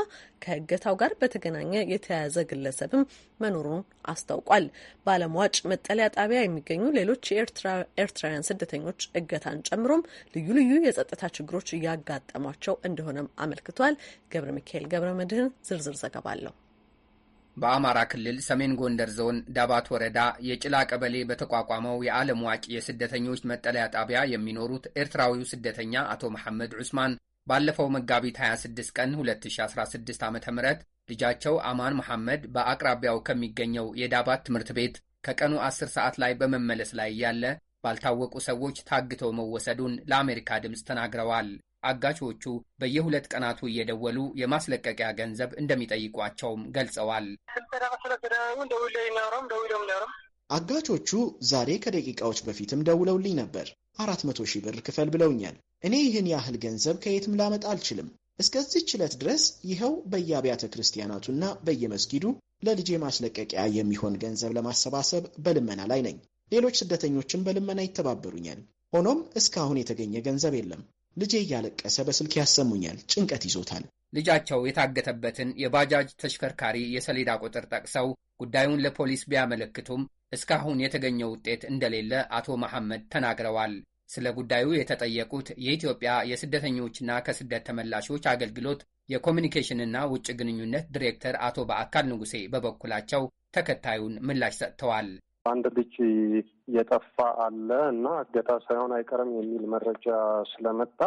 ከእገታው ጋር በተገናኘ የተያያዘ ግለሰብም መኖሩን አስታውቋል። በአለምዋጭ መጠለያ ጣቢያ የሚገኙ ሌሎች የኤርትራውያን ስደተኞች እገታን ጨምሮም ልዩ ልዩ የጸጥታ ችግሮች እያጋጠሟቸው እንደሆነም አመልክቷል። ገብረ ሚካኤል ገብረ መድህን ዝርዝር ዘገባ አለው። በአማራ ክልል ሰሜን ጎንደር ዞን ዳባት ወረዳ የጭላ ቀበሌ በተቋቋመው የዓለም ዋቂ የስደተኞች መጠለያ ጣቢያ የሚኖሩት ኤርትራዊው ስደተኛ አቶ መሐመድ ዑስማን ባለፈው መጋቢት 26 ቀን 2016 ዓ ም ልጃቸው አማን መሐመድ በአቅራቢያው ከሚገኘው የዳባት ትምህርት ቤት ከቀኑ 10 ሰዓት ላይ በመመለስ ላይ እያለ ባልታወቁ ሰዎች ታግተው መወሰዱን ለአሜሪካ ድምፅ ተናግረዋል። አጋቾቹ በየሁለት ቀናቱ እየደወሉ የማስለቀቂያ ገንዘብ እንደሚጠይቋቸውም ገልጸዋል። አጋቾቹ ዛሬ ከደቂቃዎች በፊትም ደውለውልኝ ነበር። አራት መቶ ሺህ ብር ክፈል ብለውኛል። እኔ ይህን ያህል ገንዘብ ከየትም ላመጣ አልችልም። እስከዚች ዕለት ድረስ ይኸው በየአብያተ ክርስቲያናቱና በየመስጊዱ ለልጄ ማስለቀቂያ የሚሆን ገንዘብ ለማሰባሰብ በልመና ላይ ነኝ። ሌሎች ስደተኞችም በልመና ይተባበሩኛል። ሆኖም እስካሁን የተገኘ ገንዘብ የለም። ልጄ እያለቀሰ በስልክ ያሰሙኛል። ጭንቀት ይዞታል። ልጃቸው የታገተበትን የባጃጅ ተሽከርካሪ የሰሌዳ ቁጥር ጠቅሰው ጉዳዩን ለፖሊስ ቢያመለክቱም እስካሁን የተገኘ ውጤት እንደሌለ አቶ መሐመድ ተናግረዋል። ስለ ጉዳዩ የተጠየቁት የኢትዮጵያ የስደተኞችና ከስደት ተመላሾች አገልግሎት የኮሚኒኬሽንና ውጭ ግንኙነት ዲሬክተር አቶ በአካል ንጉሴ በበኩላቸው ተከታዩን ምላሽ ሰጥተዋል። አንድ ልጅ የጠፋ አለ እና እገታ ሳይሆን አይቀርም የሚል መረጃ ስለመጣ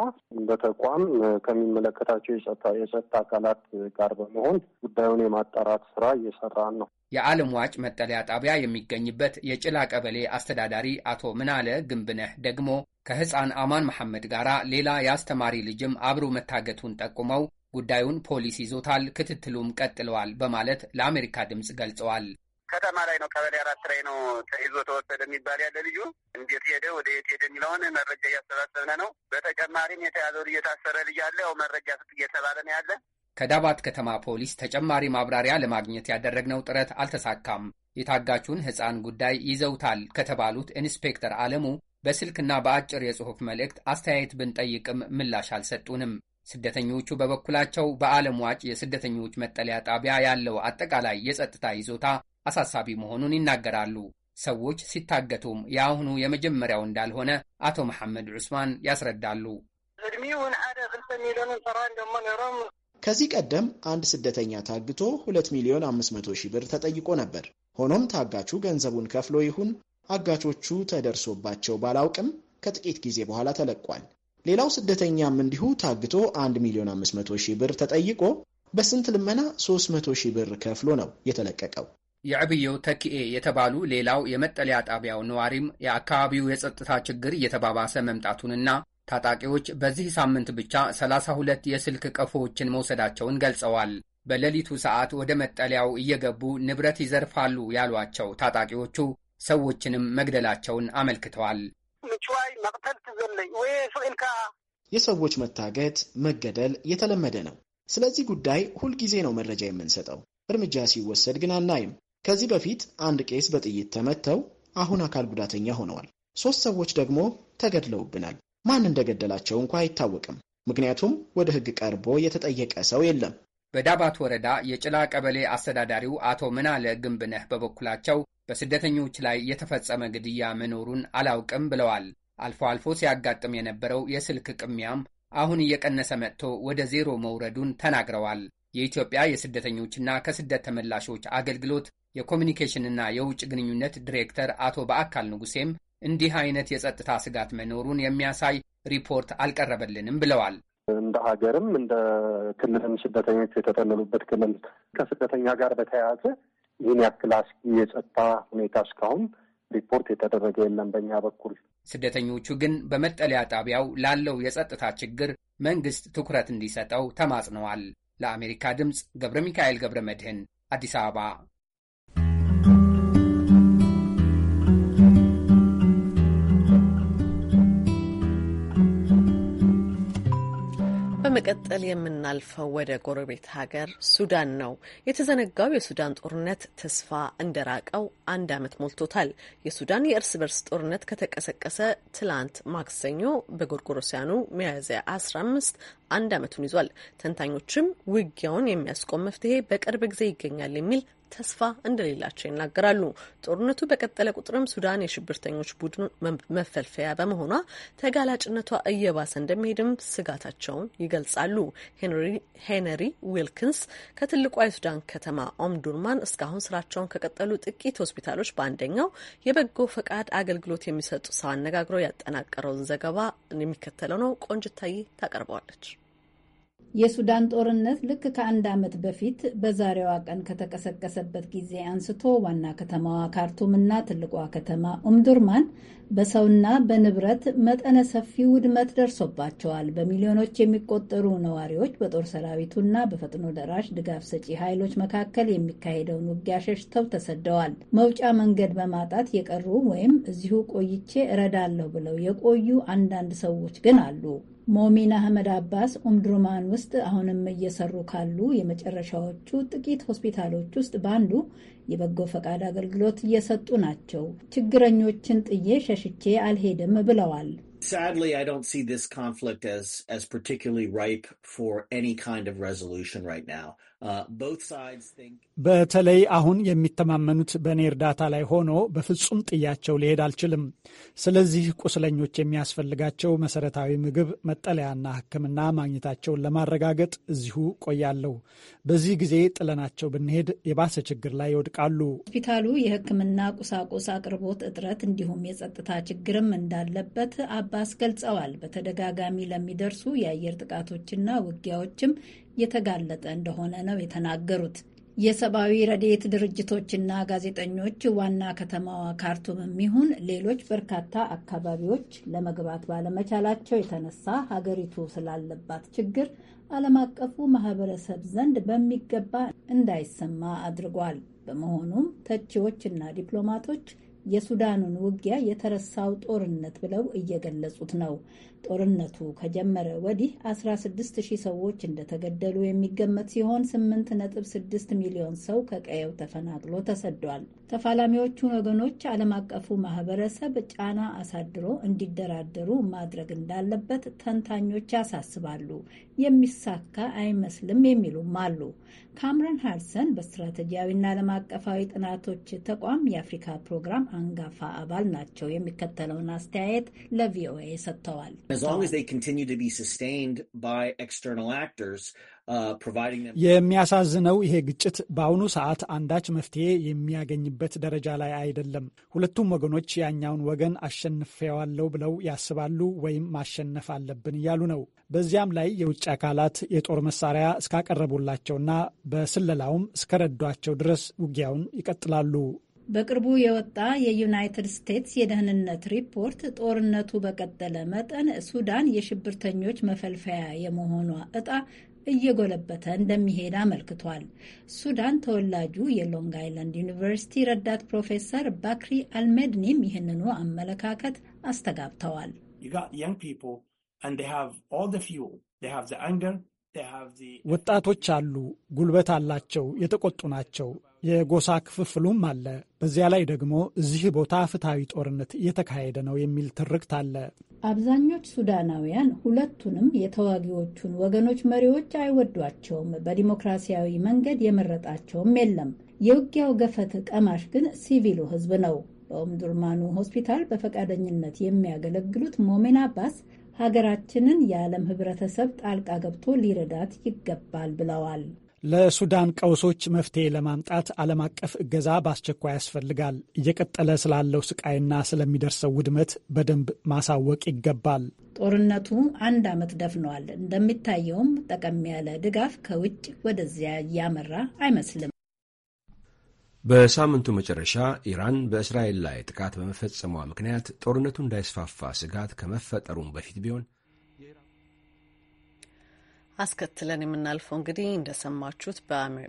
በተቋም ከሚመለከታቸው የጸጥታ አካላት ጋር በመሆን ጉዳዩን የማጣራት ስራ እየሰራን ነው። የዓለም ዋጭ መጠለያ ጣቢያ የሚገኝበት የጭላ ቀበሌ አስተዳዳሪ አቶ ምናለ ግንብነህ ደግሞ ከህፃን አማን መሐመድ ጋር ሌላ የአስተማሪ ልጅም አብሮ መታገቱን ጠቁመው ጉዳዩን ፖሊስ ይዞታል፣ ክትትሉም ቀጥለዋል በማለት ለአሜሪካ ድምፅ ገልጸዋል። ከተማ ላይ ነው፣ ቀበሌ አራት ላይ ነው ተይዞ ተወሰደ የሚባል ያለ ልጁ እንዴት ሄደ፣ ወደ የት ሄደ የሚለውን መረጃ እያሰባሰብነ ነው። በተጨማሪም የተያዘው ልጅ የታሰረ ልጅ አለ። ያው መረጃ ስጥ እየተባለ ነው ያለ። ከዳባት ከተማ ፖሊስ ተጨማሪ ማብራሪያ ለማግኘት ያደረግነው ጥረት አልተሳካም። የታጋቹን ሕፃን ጉዳይ ይዘውታል ከተባሉት ኢንስፔክተር አለሙ በስልክና በአጭር የጽሑፍ መልእክት አስተያየት ብንጠይቅም ምላሽ አልሰጡንም። ስደተኞቹ በበኩላቸው በዓለም ዋጭ የስደተኞች መጠለያ ጣቢያ ያለው አጠቃላይ የጸጥታ ይዞታ አሳሳቢ መሆኑን ይናገራሉ። ሰዎች ሲታገቱም የአሁኑ የመጀመሪያው እንዳልሆነ አቶ መሐመድ ዑስማን ያስረዳሉ። ከዚህ ቀደም አንድ ስደተኛ ታግቶ 2 ሚሊዮን 500 ሺህ ብር ተጠይቆ ነበር። ሆኖም ታጋቹ ገንዘቡን ከፍሎ ይሁን አጋቾቹ ተደርሶባቸው ባላውቅም ከጥቂት ጊዜ በኋላ ተለቋል። ሌላው ስደተኛም እንዲሁ ታግቶ 1 ሚሊዮን 500 ሺህ ብር ተጠይቆ በስንት ልመና 300 ሺህ ብር ከፍሎ ነው የተለቀቀው። የዕብየው ተክኤ የተባሉ ሌላው የመጠለያ ጣቢያው ነዋሪም የአካባቢው የጸጥታ ችግር እየተባባሰ መምጣቱንና ታጣቂዎች በዚህ ሳምንት ብቻ 32 የስልክ ቀፎዎችን መውሰዳቸውን ገልጸዋል። በሌሊቱ ሰዓት ወደ መጠለያው እየገቡ ንብረት ይዘርፋሉ ያሏቸው ታጣቂዎቹ ሰዎችንም መግደላቸውን አመልክተዋል። የሰዎች መታገት፣ መገደል የተለመደ ነው። ስለዚህ ጉዳይ ሁልጊዜ ነው መረጃ የምንሰጠው። እርምጃ ሲወሰድ ግን አናይም። ከዚህ በፊት አንድ ቄስ በጥይት ተመተው አሁን አካል ጉዳተኛ ሆነዋል። ሦስት ሰዎች ደግሞ ተገድለውብናል። ማን እንደገደላቸው እንኳ አይታወቅም። ምክንያቱም ወደ ሕግ ቀርቦ የተጠየቀ ሰው የለም። በዳባት ወረዳ የጭላ ቀበሌ አስተዳዳሪው አቶ ምናለ ግንብነህ በበኩላቸው በስደተኞች ላይ የተፈጸመ ግድያ መኖሩን አላውቅም ብለዋል። አልፎ አልፎ ሲያጋጥም የነበረው የስልክ ቅሚያም አሁን እየቀነሰ መጥቶ ወደ ዜሮ መውረዱን ተናግረዋል። የኢትዮጵያ የስደተኞችና ከስደት ተመላሾች አገልግሎት የኮሚኒኬሽንና የውጭ ግንኙነት ዲሬክተር አቶ በአካል ንጉሴም እንዲህ አይነት የጸጥታ ስጋት መኖሩን የሚያሳይ ሪፖርት አልቀረበልንም ብለዋል። እንደ ሀገርም እንደ ክልልም ስደተኞች የተጠለሉበት ክልል ከስደተኛ ጋር በተያያዘ ይህን ያክል አስጊ የጸጥታ ሁኔታ እስካሁን ሪፖርት የተደረገ የለም በእኛ በኩል። ስደተኞቹ ግን በመጠለያ ጣቢያው ላለው የጸጥታ ችግር መንግስት ትኩረት እንዲሰጠው ተማጽነዋል። ለአሜሪካ ድምፅ ገብረ ሚካኤል ገብረ መድህን አዲስ አበባ በመቀጠል የምናልፈው ወደ ጎረቤት ሀገር ሱዳን ነው። የተዘነጋው የሱዳን ጦርነት ተስፋ እንደራቀው አንድ ዓመት ሞልቶታል። የሱዳን የእርስ በርስ ጦርነት ከተቀሰቀሰ ትላንት ማክሰኞ በጎርጎሮሲያኑ ሚያዝያ 15 አንድ ዓመቱን ይዟል። ተንታኞችም ውጊያውን የሚያስቆም መፍትሄ በቅርብ ጊዜ ይገኛል የሚል ተስፋ እንደሌላቸው ይናገራሉ። ጦርነቱ በቀጠለ ቁጥርም ሱዳን የሽብርተኞች ቡድን መፈልፈያ በመሆኗ ተጋላጭነቷ እየባሰ እንደሚሄድም ስጋታቸውን ይገልጻሉ። ሄነሪ ዊልኪንስ ከትልቋ የሱዳን ከተማ ኦምዱርማን እስካሁን ስራቸውን ከቀጠሉ ጥቂት ሆስፒታሎች በአንደኛው የበጎ ፈቃድ አገልግሎት የሚሰጡ ሰው አነጋግረው ያጠናቀረውን ዘገባ የሚከተለው ነው። ቆንጅታዬ ታቀርበዋለች። የሱዳን ጦርነት ልክ ከአንድ ዓመት በፊት በዛሬዋ ቀን ከተቀሰቀሰበት ጊዜ አንስቶ ዋና ከተማዋ ካርቱም እና ትልቋ ከተማ ኡምዱርማን በሰውና በንብረት መጠነ ሰፊ ውድመት ደርሶባቸዋል። በሚሊዮኖች የሚቆጠሩ ነዋሪዎች በጦር ሰራዊቱና በፈጥኖ ደራሽ ድጋፍ ሰጪ ኃይሎች መካከል የሚካሄደውን ውጊያ ሸሽተው ተሰደዋል። መውጫ መንገድ በማጣት የቀሩ ወይም እዚሁ ቆይቼ እረዳለሁ ብለው የቆዩ አንዳንድ ሰዎች ግን አሉ። ሞሚን አህመድ አባስ ኡምድሩማን ውስጥ አሁንም እየሰሩ ካሉ የመጨረሻዎቹ ጥቂት ሆስፒታሎች ውስጥ በአንዱ የበጎ ፈቃድ አገልግሎት እየሰጡ ናቸው። ችግረኞችን ጥዬ ሸሽቼ አልሄድም ብለዋል። Sadly, I don't see this conflict as as particularly ripe for any kind of resolution right now. Uh, በተለይ አሁን የሚተማመኑት በእኔ እርዳታ ላይ ሆኖ በፍጹም ጥያቸው ሊሄድ አልችልም። ስለዚህ ቁስለኞች የሚያስፈልጋቸው መሰረታዊ ምግብ፣ መጠለያና ሕክምና ማግኘታቸውን ለማረጋገጥ እዚሁ ቆያለሁ። በዚህ ጊዜ ጥለናቸው ብንሄድ የባሰ ችግር ላይ ይወድቃሉ። ሆስፒታሉ የሕክምና ቁሳቁስ አቅርቦት እጥረት እንዲሁም የጸጥታ ችግርም እንዳለበት አባስ ገልጸዋል። በተደጋጋሚ ለሚደርሱ የአየር ጥቃቶችና ውጊያዎችም የተጋለጠ እንደሆነ ነው የተናገሩት። የሰብአዊ ረድኤት ድርጅቶችና ጋዜጠኞች ዋና ከተማዋ ካርቱም የሚሆን ሌሎች በርካታ አካባቢዎች ለመግባት ባለመቻላቸው የተነሳ ሀገሪቱ ስላለባት ችግር ዓለም አቀፉ ማህበረሰብ ዘንድ በሚገባ እንዳይሰማ አድርጓል። በመሆኑም ተቺዎችና ዲፕሎማቶች የሱዳኑን ውጊያ የተረሳው ጦርነት ብለው እየገለጹት ነው። ጦርነቱ ከጀመረ ወዲህ ሺህ ሰዎች እንደተገደሉ የሚገመት ሲሆን 8.6 ሚሊዮን ሰው ከቀየው ተፈናቅሎ ተሰዷል። ተፋላሚዎቹን ወገኖች ዓለም አቀፉ ማህበረሰብ ጫና አሳድሮ እንዲደራደሩ ማድረግ እንዳለበት ተንታኞች ያሳስባሉ። የሚሳካ አይመስልም የሚሉም አሉ። ካምረን ሃድሰን በስትራቴጂያዊና ዓለም አቀፋዊ ጥናቶች ተቋም የአፍሪካ ፕሮግራም አንጋፋ አባል ናቸው። የሚከተለውን አስተያየት ለቪኦኤ ሰጥተዋል። Uh, የሚያሳዝነው ይሄ ግጭት በአሁኑ ሰዓት አንዳች መፍትሄ የሚያገኝበት ደረጃ ላይ አይደለም። ሁለቱም ወገኖች ያኛውን ወገን አሸንፌዋለሁ ብለው ያስባሉ ወይም ማሸነፍ አለብን እያሉ ነው። በዚያም ላይ የውጭ አካላት የጦር መሳሪያ እስካቀረቡላቸውና በስለላውም እስከረዷቸው ድረስ ውጊያውን ይቀጥላሉ። በቅርቡ የወጣ የዩናይትድ ስቴትስ የደህንነት ሪፖርት ጦርነቱ በቀጠለ መጠን ሱዳን የሽብርተኞች መፈልፈያ የመሆኗ እጣ እየጎለበተ እንደሚሄድ አመልክቷል። ሱዳን ተወላጁ የሎንግ አይላንድ ዩኒቨርሲቲ ረዳት ፕሮፌሰር ባክሪ አልሜድኒም ይህንኑ አመለካከት አስተጋብተዋል። ወጣቶች አሉ፣ ጉልበት አላቸው፣ የተቆጡ ናቸው። የጎሳ ክፍፍሉም አለ። በዚያ ላይ ደግሞ እዚህ ቦታ ፍትሐዊ ጦርነት እየተካሄደ ነው የሚል ትርክት አለ። አብዛኞች ሱዳናውያን ሁለቱንም የተዋጊዎቹን ወገኖች መሪዎች አይወዷቸውም። በዲሞክራሲያዊ መንገድ የመረጣቸውም የለም። የውጊያው ገፈት ቀማሽ ግን ሲቪሉ ሕዝብ ነው። በኦምዱርማኑ ሆስፒታል በፈቃደኝነት የሚያገለግሉት ሞሜን አባስ ሀገራችንን የዓለም ህብረተሰብ ጣልቃ ገብቶ ሊረዳት ይገባል ብለዋል። ለሱዳን ቀውሶች መፍትሄ ለማምጣት ዓለም አቀፍ እገዛ በአስቸኳይ ያስፈልጋል። እየቀጠለ ስላለው ስቃይና ስለሚደርሰው ውድመት በደንብ ማሳወቅ ይገባል። ጦርነቱ አንድ ዓመት ደፍኗል። እንደሚታየውም ጠቀም ያለ ድጋፍ ከውጭ ወደዚያ እያመራ አይመስልም። በሳምንቱ መጨረሻ ኢራን በእስራኤል ላይ ጥቃት በመፈጸሟ ምክንያት ጦርነቱ እንዳይስፋፋ ስጋት ከመፈጠሩም በፊት ቢሆን አስከትለን የምናልፈው እንግዲህ እንደሰማችሁት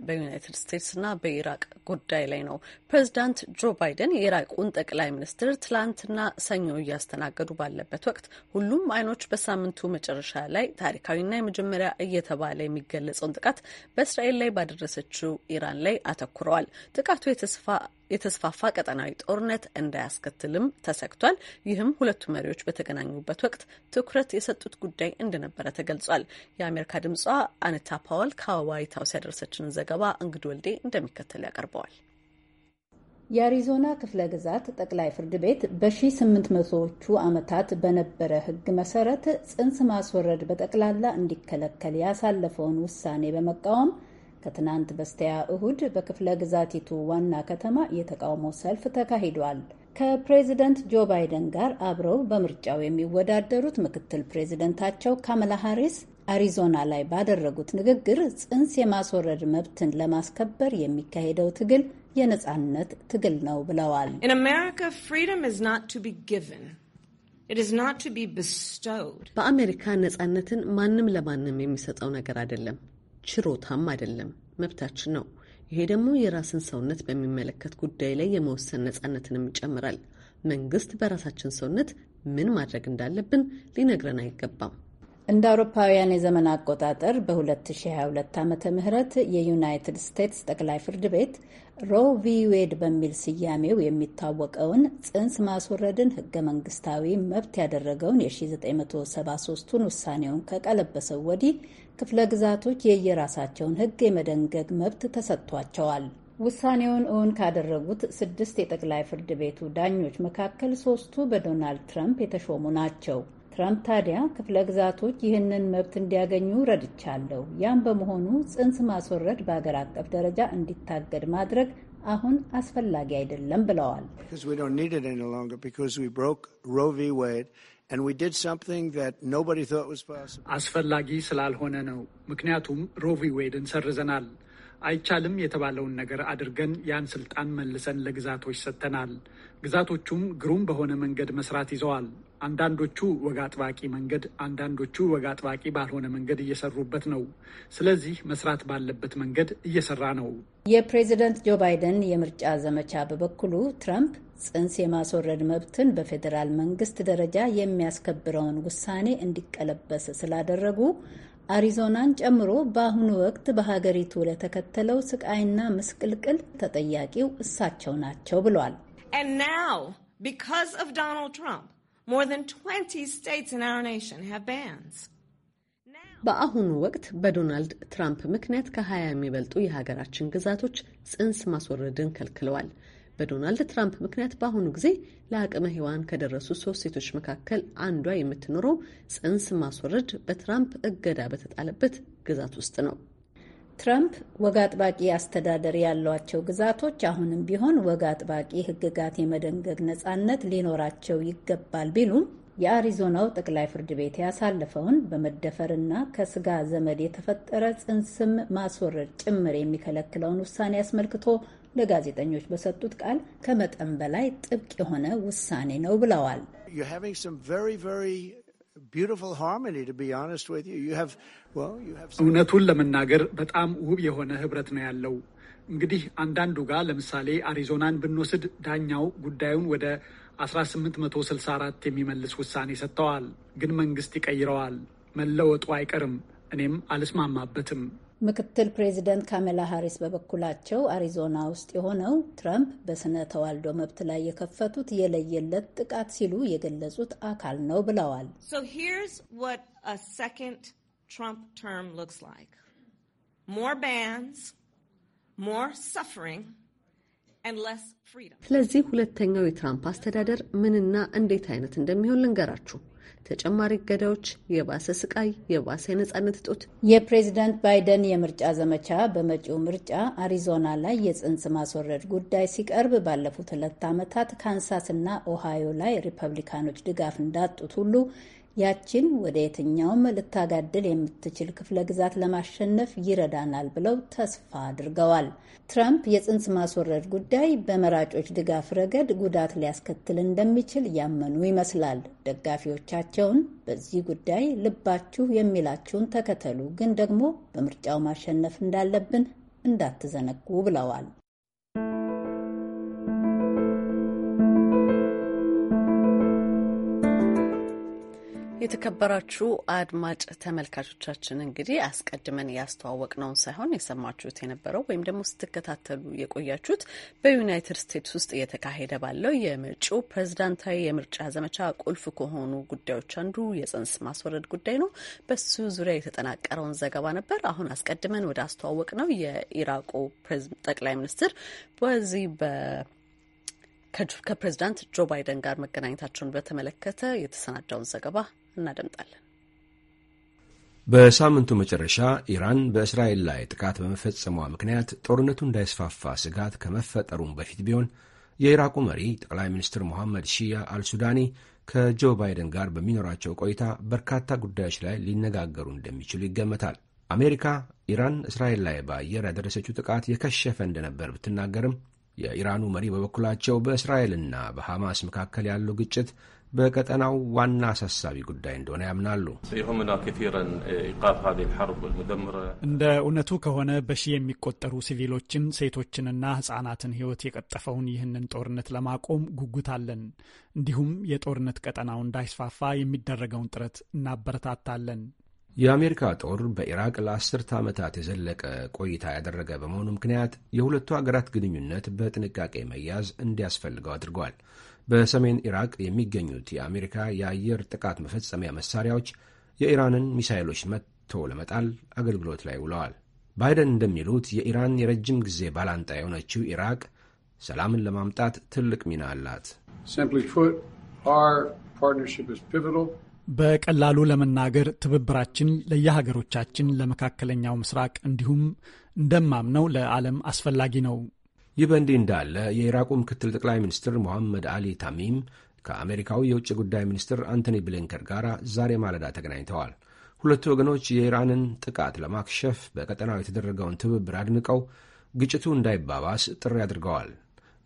በዩናይትድ ስቴትስና በኢራቅ ጉዳይ ላይ ነው። ፕሬዚዳንት ጆ ባይደን የኢራቁን ጠቅላይ ሚኒስትር ትላንትና ሰኞ እያስተናገዱ ባለበት ወቅት ሁሉም አይኖች በሳምንቱ መጨረሻ ላይ ታሪካዊና የመጀመሪያ እየተባለ የሚገለጸውን ጥቃት በእስራኤል ላይ ባደረሰችው ኢራን ላይ አተኩረዋል። ጥቃቱ የተስፋ የተስፋፋ ቀጠናዊ ጦርነት እንዳያስከትልም ተሰግቷል። ይህም ሁለቱ መሪዎች በተገናኙበት ወቅት ትኩረት የሰጡት ጉዳይ እንደነበረ ተገልጿል። የአሜሪካ ድምጿ አኒታ ፓወል ከዋይት ሀውስ ያደረሰችንን ዘገባ እንግድ ወልዴ እንደሚከተል ያቀርበዋል። የአሪዞና ክፍለ ግዛት ጠቅላይ ፍርድ ቤት በ1800ዎቹ ዓመታት በነበረ ሕግ መሰረት ጽንስ ማስወረድ በጠቅላላ እንዲከለከል ያሳለፈውን ውሳኔ በመቃወም ከትናንት በስቲያ እሁድ በክፍለ ግዛቲቱ ዋና ከተማ የተቃውሞ ሰልፍ ተካሂዷል። ከፕሬዚደንት ጆ ባይደን ጋር አብረው በምርጫው የሚወዳደሩት ምክትል ፕሬዚደንታቸው ካመላ ሃሪስ አሪዞና ላይ ባደረጉት ንግግር ጽንስ የማስወረድ መብትን ለማስከበር የሚካሄደው ትግል የነጻነት ትግል ነው ብለዋል። በአሜሪካ ነጻነትን ማንም ለማንም የሚሰጠው ነገር አይደለም። ችሮታም አይደለም፣ መብታችን ነው። ይሄ ደግሞ የራስን ሰውነት በሚመለከት ጉዳይ ላይ የመወሰን ነጻነትንም ይጨምራል። መንግስት በራሳችን ሰውነት ምን ማድረግ እንዳለብን ሊነግረን አይገባም። እንደ አውሮፓውያን የዘመን አቆጣጠር በ2022 ዓመተ ምህረት የዩናይትድ ስቴትስ ጠቅላይ ፍርድ ቤት ሮ ቪ ዌድ በሚል ስያሜው የሚታወቀውን ጽንስ ማስወረድን ህገ መንግስታዊ መብት ያደረገውን የ1973ቱን ውሳኔውን ከቀለበሰው ወዲህ ክፍለ ግዛቶች የየራሳቸውን ሕግ የመደንገግ መብት ተሰጥቷቸዋል። ውሳኔውን እውን ካደረጉት ስድስት የጠቅላይ ፍርድ ቤቱ ዳኞች መካከል ሶስቱ በዶናልድ ትራምፕ የተሾሙ ናቸው። ትራምፕ ታዲያ ክፍለ ግዛቶች ይህንን መብት እንዲያገኙ ረድቻለሁ፣ ያም በመሆኑ ጽንስ ማስወረድ በአገር አቀፍ ደረጃ እንዲታገድ ማድረግ አሁን አስፈላጊ አይደለም ብለዋል። አስፈላጊ ስላልሆነ ነው። ምክንያቱም ሮቪ ዌድን ሰርዘናል። አይቻልም የተባለውን ነገር አድርገን ያን ስልጣን መልሰን ለግዛቶች ሰጥተናል። ግዛቶቹም ግሩም በሆነ መንገድ መስራት ይዘዋል። አንዳንዶቹ ወግ አጥባቂ መንገድ፣ አንዳንዶቹ ወግ አጥባቂ ባልሆነ መንገድ እየሰሩበት ነው። ስለዚህ መስራት ባለበት መንገድ እየሰራ ነው። የፕሬዚደንት ጆ ባይደን የምርጫ ዘመቻ በበኩሉ ትራምፕ ጽንስ የማስወረድ መብትን በፌዴራል መንግስት ደረጃ የሚያስከብረውን ውሳኔ እንዲቀለበስ ስላደረጉ አሪዞናን ጨምሮ በአሁኑ ወቅት በሀገሪቱ ለተከተለው ስቃይና ምስቅልቅል ተጠያቂው እሳቸው ናቸው ብሏል። በአሁኑ ወቅት በዶናልድ ትራምፕ ምክንያት ከሀያ የሚበልጡ የሀገራችን ግዛቶች ጽንስ ማስወረድን ከልክለዋል። በዶናልድ ትራምፕ ምክንያት በአሁኑ ጊዜ ለአቅመ ሔዋን ከደረሱ ሶስት ሴቶች መካከል አንዷ የምትኖረው ጽንስ ማስወረድ በትራምፕ እገዳ በተጣለበት ግዛት ውስጥ ነው። ትራምፕ ወግ አጥባቂ አስተዳደር ያሏቸው ግዛቶች አሁንም ቢሆን ወግ አጥባቂ ሕግጋት የመደንገግ ነጻነት ሊኖራቸው ይገባል ቢሉም የአሪዞናው ጠቅላይ ፍርድ ቤት ያሳለፈውን በመደፈርና ከስጋ ዘመድ የተፈጠረ ጽንስም ማስወረድ ጭምር የሚከለክለውን ውሳኔ አስመልክቶ ለጋዜጠኞች በሰጡት ቃል ከመጠን በላይ ጥብቅ የሆነ ውሳኔ ነው ብለዋል። እውነቱን ለመናገር በጣም ውብ የሆነ ህብረት ነው ያለው። እንግዲህ አንዳንዱ ጋር ለምሳሌ አሪዞናን ብንወስድ ዳኛው ጉዳዩን ወደ 1864 የሚመልስ ውሳኔ ሰጥተዋል። ግን መንግስት ይቀይረዋል። መለወጡ አይቀርም። እኔም አልስማማበትም። ምክትል ፕሬዚደንት ካሜላ ሃሪስ በበኩላቸው አሪዞና ውስጥ የሆነው ትራምፕ በስነ ተዋልዶ መብት ላይ የከፈቱት የለየለት ጥቃት ሲሉ የገለጹት አካል ነው ብለዋል። ስለዚህ ሁለተኛው የትራምፕ አስተዳደር ምንና እንዴት አይነት እንደሚሆን ልንገራችሁ። ተጨማሪ እገዳዎች፣ የባሰ ስቃይ፣ የባሰ የነጻነት እጦት። የፕሬዚዳንት ባይደን የምርጫ ዘመቻ በመጪው ምርጫ አሪዞና ላይ የጽንስ ማስወረድ ጉዳይ ሲቀርብ ባለፉት ሁለት ዓመታት ካንሳስና ኦሃዮ ላይ ሪፐብሊካኖች ድጋፍ እንዳጡት ሁሉ ያችን ወደ የትኛውም ልታጋድል የምትችል ክፍለ ግዛት ለማሸነፍ ይረዳናል ብለው ተስፋ አድርገዋል። ትራምፕ የጽንስ ማስወረድ ጉዳይ በመራጮች ድጋፍ ረገድ ጉዳት ሊያስከትል እንደሚችል ያመኑ ይመስላል። ደጋፊዎቻቸውን በዚህ ጉዳይ ልባችሁ የሚላችሁን ተከተሉ፣ ግን ደግሞ በምርጫው ማሸነፍ እንዳለብን እንዳትዘነጉ ብለዋል። የተከበራችሁ አድማጭ ተመልካቾቻችን እንግዲህ አስቀድመን ያስተዋወቅነውን ሳይሆን የሰማችሁት የነበረው ወይም ደግሞ ስትከታተሉ የቆያችሁት በዩናይትድ ስቴትስ ውስጥ እየተካሄደ ባለው የመጪው ፕሬዝዳንታዊ የምርጫ ዘመቻ ቁልፍ ከሆኑ ጉዳዮች አንዱ የጽንስ ማስወረድ ጉዳይ ነው። በሱ ዙሪያ የተጠናቀረውን ዘገባ ነበር። አሁን አስቀድመን ወደ አስተዋወቅ ነው የኢራቁ ጠቅላይ ሚኒስትር በዚህ በ ከፕሬዚዳንት ጆ ባይደን ጋር መገናኘታቸውን በተመለከተ የተሰናዳውን ዘገባ እናደምጣለን። በሳምንቱ መጨረሻ ኢራን በእስራኤል ላይ ጥቃት በመፈጸሟ ምክንያት ጦርነቱ እንዳይስፋፋ ስጋት ከመፈጠሩም በፊት ቢሆን የኢራቁ መሪ ጠቅላይ ሚኒስትር ሞሐመድ ሺያ አልሱዳኒ ከጆ ባይደን ጋር በሚኖራቸው ቆይታ በርካታ ጉዳዮች ላይ ሊነጋገሩ እንደሚችሉ ይገመታል። አሜሪካ ኢራን እስራኤል ላይ በአየር ያደረሰችው ጥቃት የከሸፈ እንደነበር ብትናገርም የኢራኑ መሪ በበኩላቸው በእስራኤልና በሐማስ መካከል ያለው ግጭት በቀጠናው ዋና አሳሳቢ ጉዳይ እንደሆነ ያምናሉ። እንደ እውነቱ ከሆነ በሺ የሚቆጠሩ ሲቪሎችን፣ ሴቶችንና ህጻናትን ህይወት የቀጠፈውን ይህንን ጦርነት ለማቆም ጉጉት አለን። እንዲሁም የጦርነት ቀጠናው እንዳይስፋፋ የሚደረገውን ጥረት እናበረታታለን። የአሜሪካ ጦር በኢራቅ ለአስርተ ዓመታት የዘለቀ ቆይታ ያደረገ በመሆኑ ምክንያት የሁለቱ ሀገራት ግንኙነት በጥንቃቄ መያዝ እንዲያስፈልገው አድርጓል። በሰሜን ኢራቅ የሚገኙት የአሜሪካ የአየር ጥቃት መፈጸሚያ መሳሪያዎች የኢራንን ሚሳይሎች መጥቶ ለመጣል አገልግሎት ላይ ውለዋል። ባይደን እንደሚሉት የኢራን የረጅም ጊዜ ባላንጣ የሆነችው ኢራቅ ሰላምን ለማምጣት ትልቅ ሚና አላት። በቀላሉ ለመናገር ትብብራችን ለየሀገሮቻችን፣ ለመካከለኛው ምስራቅ እንዲሁም እንደማምነው ለዓለም አስፈላጊ ነው። ይህ በእንዲህ እንዳለ የኢራቁ ምክትል ጠቅላይ ሚኒስትር ሞሐመድ አሊ ታሚም ከአሜሪካው የውጭ ጉዳይ ሚኒስትር አንቶኒ ብሊንከን ጋር ዛሬ ማለዳ ተገናኝተዋል። ሁለቱ ወገኖች የኢራንን ጥቃት ለማክሸፍ በቀጠናው የተደረገውን ትብብር አድንቀው ግጭቱ እንዳይባባስ ጥሪ አድርገዋል።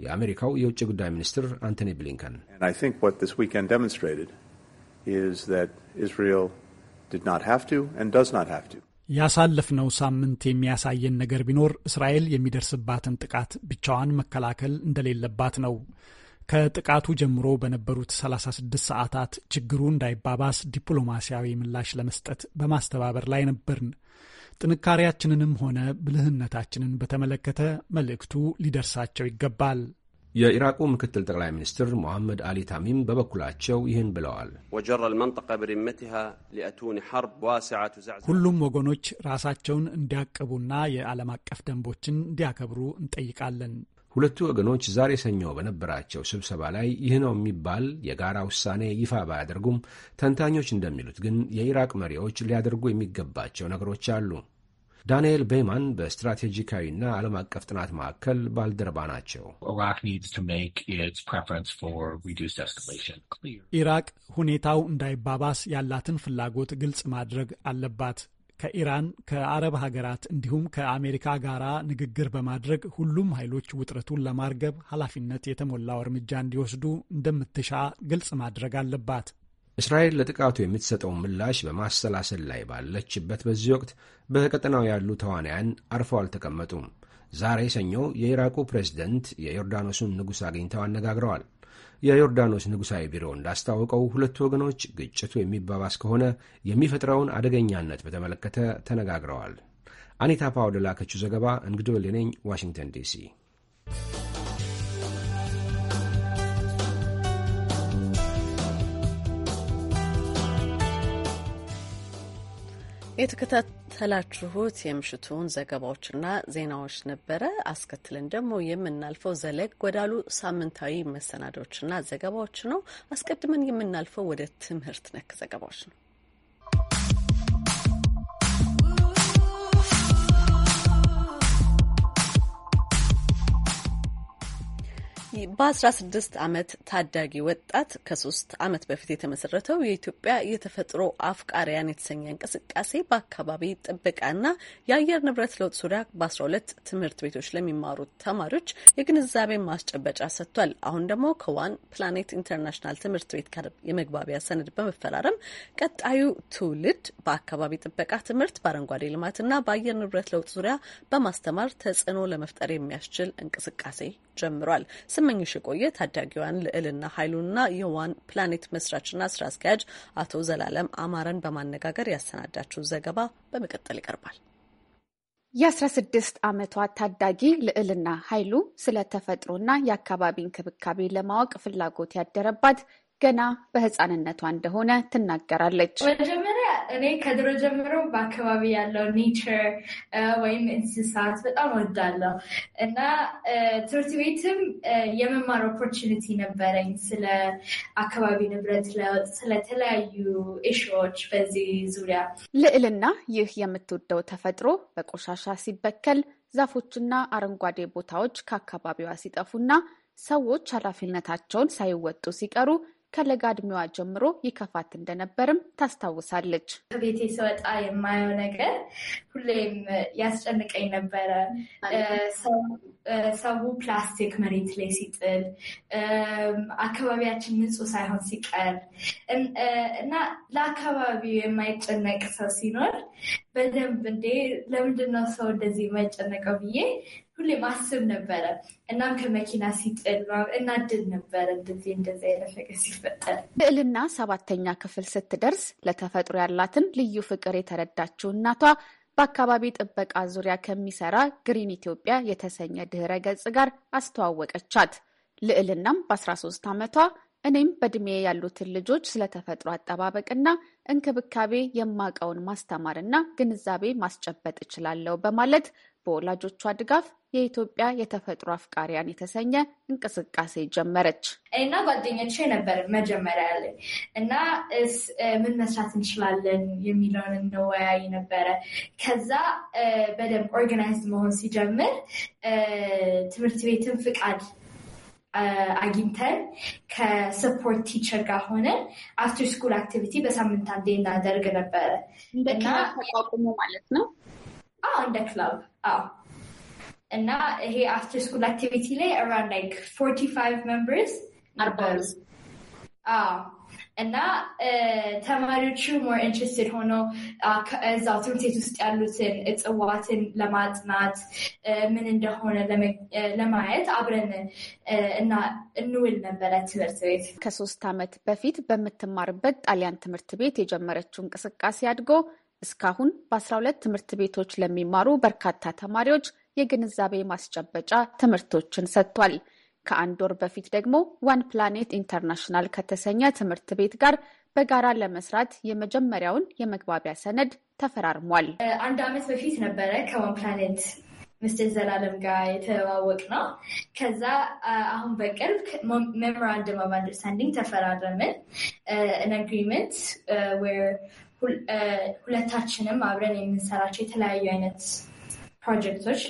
የአሜሪካው የውጭ ጉዳይ ሚኒስትር አንቶኒ ብሊንከን ያሳለፍነው ሳምንት የሚያሳየን ነገር ቢኖር እስራኤል የሚደርስባትን ጥቃት ብቻዋን መከላከል እንደሌለባት ነው። ከጥቃቱ ጀምሮ በነበሩት 36 ሰዓታት ችግሩ እንዳይባባስ ዲፕሎማሲያዊ ምላሽ ለመስጠት በማስተባበር ላይ ነበርን። ጥንካሬያችንንም ሆነ ብልህነታችንን በተመለከተ መልእክቱ ሊደርሳቸው ይገባል። የኢራቁ ምክትል ጠቅላይ ሚኒስትር ሞሐመድ አሊ ታሚም በበኩላቸው ይህን ብለዋል። ሁሉም ወገኖች ራሳቸውን እንዲያቅቡና የዓለም አቀፍ ደንቦችን እንዲያከብሩ እንጠይቃለን። ሁለቱ ወገኖች ዛሬ ሰኞ በነበራቸው ስብሰባ ላይ ይህ ነው የሚባል የጋራ ውሳኔ ይፋ ባያደርጉም ተንታኞች እንደሚሉት ግን የኢራቅ መሪዎች ሊያደርጉ የሚገባቸው ነገሮች አሉ። ዳንኤል ቤማን በስትራቴጂካዊና ዓለም አቀፍ ጥናት ማዕከል ባልደረባ ናቸው። ኢራቅ ሁኔታው እንዳይባባስ ያላትን ፍላጎት ግልጽ ማድረግ አለባት። ከኢራን ከአረብ ሀገራት እንዲሁም ከአሜሪካ ጋራ ንግግር በማድረግ ሁሉም ኃይሎች ውጥረቱን ለማርገብ ኃላፊነት የተሞላው እርምጃ እንዲወስዱ እንደምትሻ ግልጽ ማድረግ አለባት። እስራኤል ለጥቃቱ የምትሰጠውን ምላሽ በማሰላሰል ላይ ባለችበት በዚህ ወቅት በቀጠናው ያሉ ተዋናያን አርፈው አልተቀመጡም። ዛሬ ሰኞ የኢራቁ ፕሬዝደንት የዮርዳኖሱን ንጉሥ አግኝተው አነጋግረዋል። የዮርዳኖስ ንጉሣዊ ቢሮ እንዳስታወቀው ሁለቱ ወገኖች ግጭቱ የሚባባስ ከሆነ የሚፈጥረውን አደገኛነት በተመለከተ ተነጋግረዋል። አኒታ ፓውል ላከችው ዘገባ እንግዶ ሌነኝ ዋሽንግተን ዲሲ የተከታተላችሁት የምሽቱን ዘገባዎችና ዜናዎች ነበረ። አስከትለን ደግሞ የምናልፈው ዘለግ ወዳሉ ሳምንታዊ መሰናዶዎችና ዘገባዎች ነው። አስቀድመን የምናልፈው ወደ ትምህርት ነክ ዘገባዎች ነው። በ16 ዓመት ታዳጊ ወጣት ከሶስት ዓመት በፊት የተመሰረተው የኢትዮጵያ የተፈጥሮ አፍቃሪያን የተሰኘ እንቅስቃሴ በአካባቢ ጥበቃና የአየር ንብረት ለውጥ ዙሪያ በ12 ትምህርት ቤቶች ለሚማሩ ተማሪዎች የግንዛቤ ማስጨበጫ ሰጥቷል። አሁን ደግሞ ከዋን ፕላኔት ኢንተርናሽናል ትምህርት ቤት ጋር የመግባቢያ ሰነድ በመፈራረም ቀጣዩ ትውልድ በአካባቢ ጥበቃ ትምህርት፣ በአረንጓዴ ልማትና በአየር ንብረት ለውጥ ዙሪያ በማስተማር ተጽዕኖ ለመፍጠር የሚያስችል እንቅስቃሴ ጀምሯል። ስመኝሽ የቆየ ታዳጊዋን ልዕልና ኃይሉና የዋን ፕላኔት መስራችና ስራ አስኪያጅ አቶ ዘላለም አማረን በማነጋገር ያሰናዳችው ዘገባ በመቀጠል ይቀርባል። የ16 ዓመቷ ታዳጊ ልዕልና ኃይሉ ስለ ተፈጥሮና የአካባቢ እንክብካቤ ለማወቅ ፍላጎት ያደረባት ገና በህፃንነቷ እንደሆነ ትናገራለች። መጀመሪያ እኔ ከድሮ ጀምሮ በአካባቢ ያለው ኔቸር ወይም እንስሳት በጣም ወዳለው እና ትምህርት ቤትም የመማር ኦፖርቹኒቲ ነበረኝ ስለ አካባቢ ንብረት ለውጥ፣ ስለተለያዩ ኢሹዎች በዚህ ዙሪያ ልዕልና ይህ የምትወደው ተፈጥሮ በቆሻሻ ሲበከል ዛፎችና አረንጓዴ ቦታዎች ከአካባቢዋ ሲጠፉና ሰዎች ኃላፊነታቸውን ሳይወጡ ሲቀሩ ከለጋ እድሜዋ ጀምሮ ይከፋት እንደነበርም ታስታውሳለች። ቤቴ ስወጣ የማየው ነገር ሁሌም ያስጨንቀኝ ነበረ። ሰው ፕላስቲክ መሬት ላይ ሲጥል፣ አካባቢያችን ንጹህ ሳይሆን ሲቀር እና ለአካባቢው የማይጨነቅ ሰው ሲኖር በደንብ እንዴ ለምንድነው ሰው እንደዚህ የማይጨነቀው ብዬ ሁሌ ማስብ ነበረ። እናም ከመኪና ሲጥል እናድል ነበረ እንደዚህ እንደዚህ አይነት ነገር ሲፈጠር። ልዕልና ሰባተኛ ክፍል ስትደርስ ለተፈጥሮ ያላትን ልዩ ፍቅር የተረዳችው እናቷ በአካባቢ ጥበቃ ዙሪያ ከሚሰራ ግሪን ኢትዮጵያ የተሰኘ ድህረ ገጽ ጋር አስተዋወቀቻት። ልዕልናም በ13 ዓመቷ እኔም በእድሜ ያሉትን ልጆች ስለተፈጥሮ አጠባበቅና እንክብካቤ የማውቀውን ማስተማርና ግንዛቤ ማስጨበጥ እችላለሁ በማለት በወላጆቿ ድጋፍ የኢትዮጵያ የተፈጥሮ አፍቃሪያን የተሰኘ እንቅስቃሴ ጀመረች። እና ጓደኞቼ ነበር መጀመሪያ ያለ እና ምን መስራት እንችላለን የሚለውን እንወያይ ነበረ። ከዛ በደንብ ኦርጋናይዝድ መሆን ሲጀምር ትምህርት ቤትን ፍቃድ አግኝተን ከሰፖርት ቲቸር ጋር ሆነን አፍተር ስኩል አክቲቪቲ በሳምንት አንዴ እናደርግ ነበረ። እንደ ተቋቁሞ ማለት ነው። አዎ እንደ ክላብ አዎ እና ይሄ አፍተር ስኩል አክቲቪቲ ላይ አራውንድ ላይክ ፎርቲ ፋይቭ ሜምበርስ ነበሩ እና ተማሪዎቹ ሞር ኢንትረስትድ ሆኖ እዛው ትምህርት ቤት ውስጥ ያሉትን እጽዋትን ለማጥናት ምን እንደሆነ ለማየት አብረን እና እንውል ነበረ ትምህርት ቤት። ከሶስት ዓመት በፊት በምትማርበት ጣሊያን ትምህርት ቤት የጀመረችው እንቅስቃሴ አድጎ እስካሁን በአስራ ሁለት ትምህርት ቤቶች ለሚማሩ በርካታ ተማሪዎች የግንዛቤ ማስጨበጫ ትምህርቶችን ሰጥቷል። ከአንድ ወር በፊት ደግሞ ዋን ፕላኔት ኢንተርናሽናል ከተሰኘ ትምህርት ቤት ጋር በጋራ ለመስራት የመጀመሪያውን የመግባቢያ ሰነድ ተፈራርሟል። አንድ ዓመት በፊት ነበረ ከዋን ፕላኔት ምስል ዘላለም ጋር የተዋወቅ ነው። ከዛ አሁን በቅርብ ሜሞራንደም ኦፍ አንደርስታንዲንግ ተፈራረምን ን አግሪመንት ሁለታችንም አብረን የምንሰራቸው የተለያዩ አይነት ፕሮጀክቶች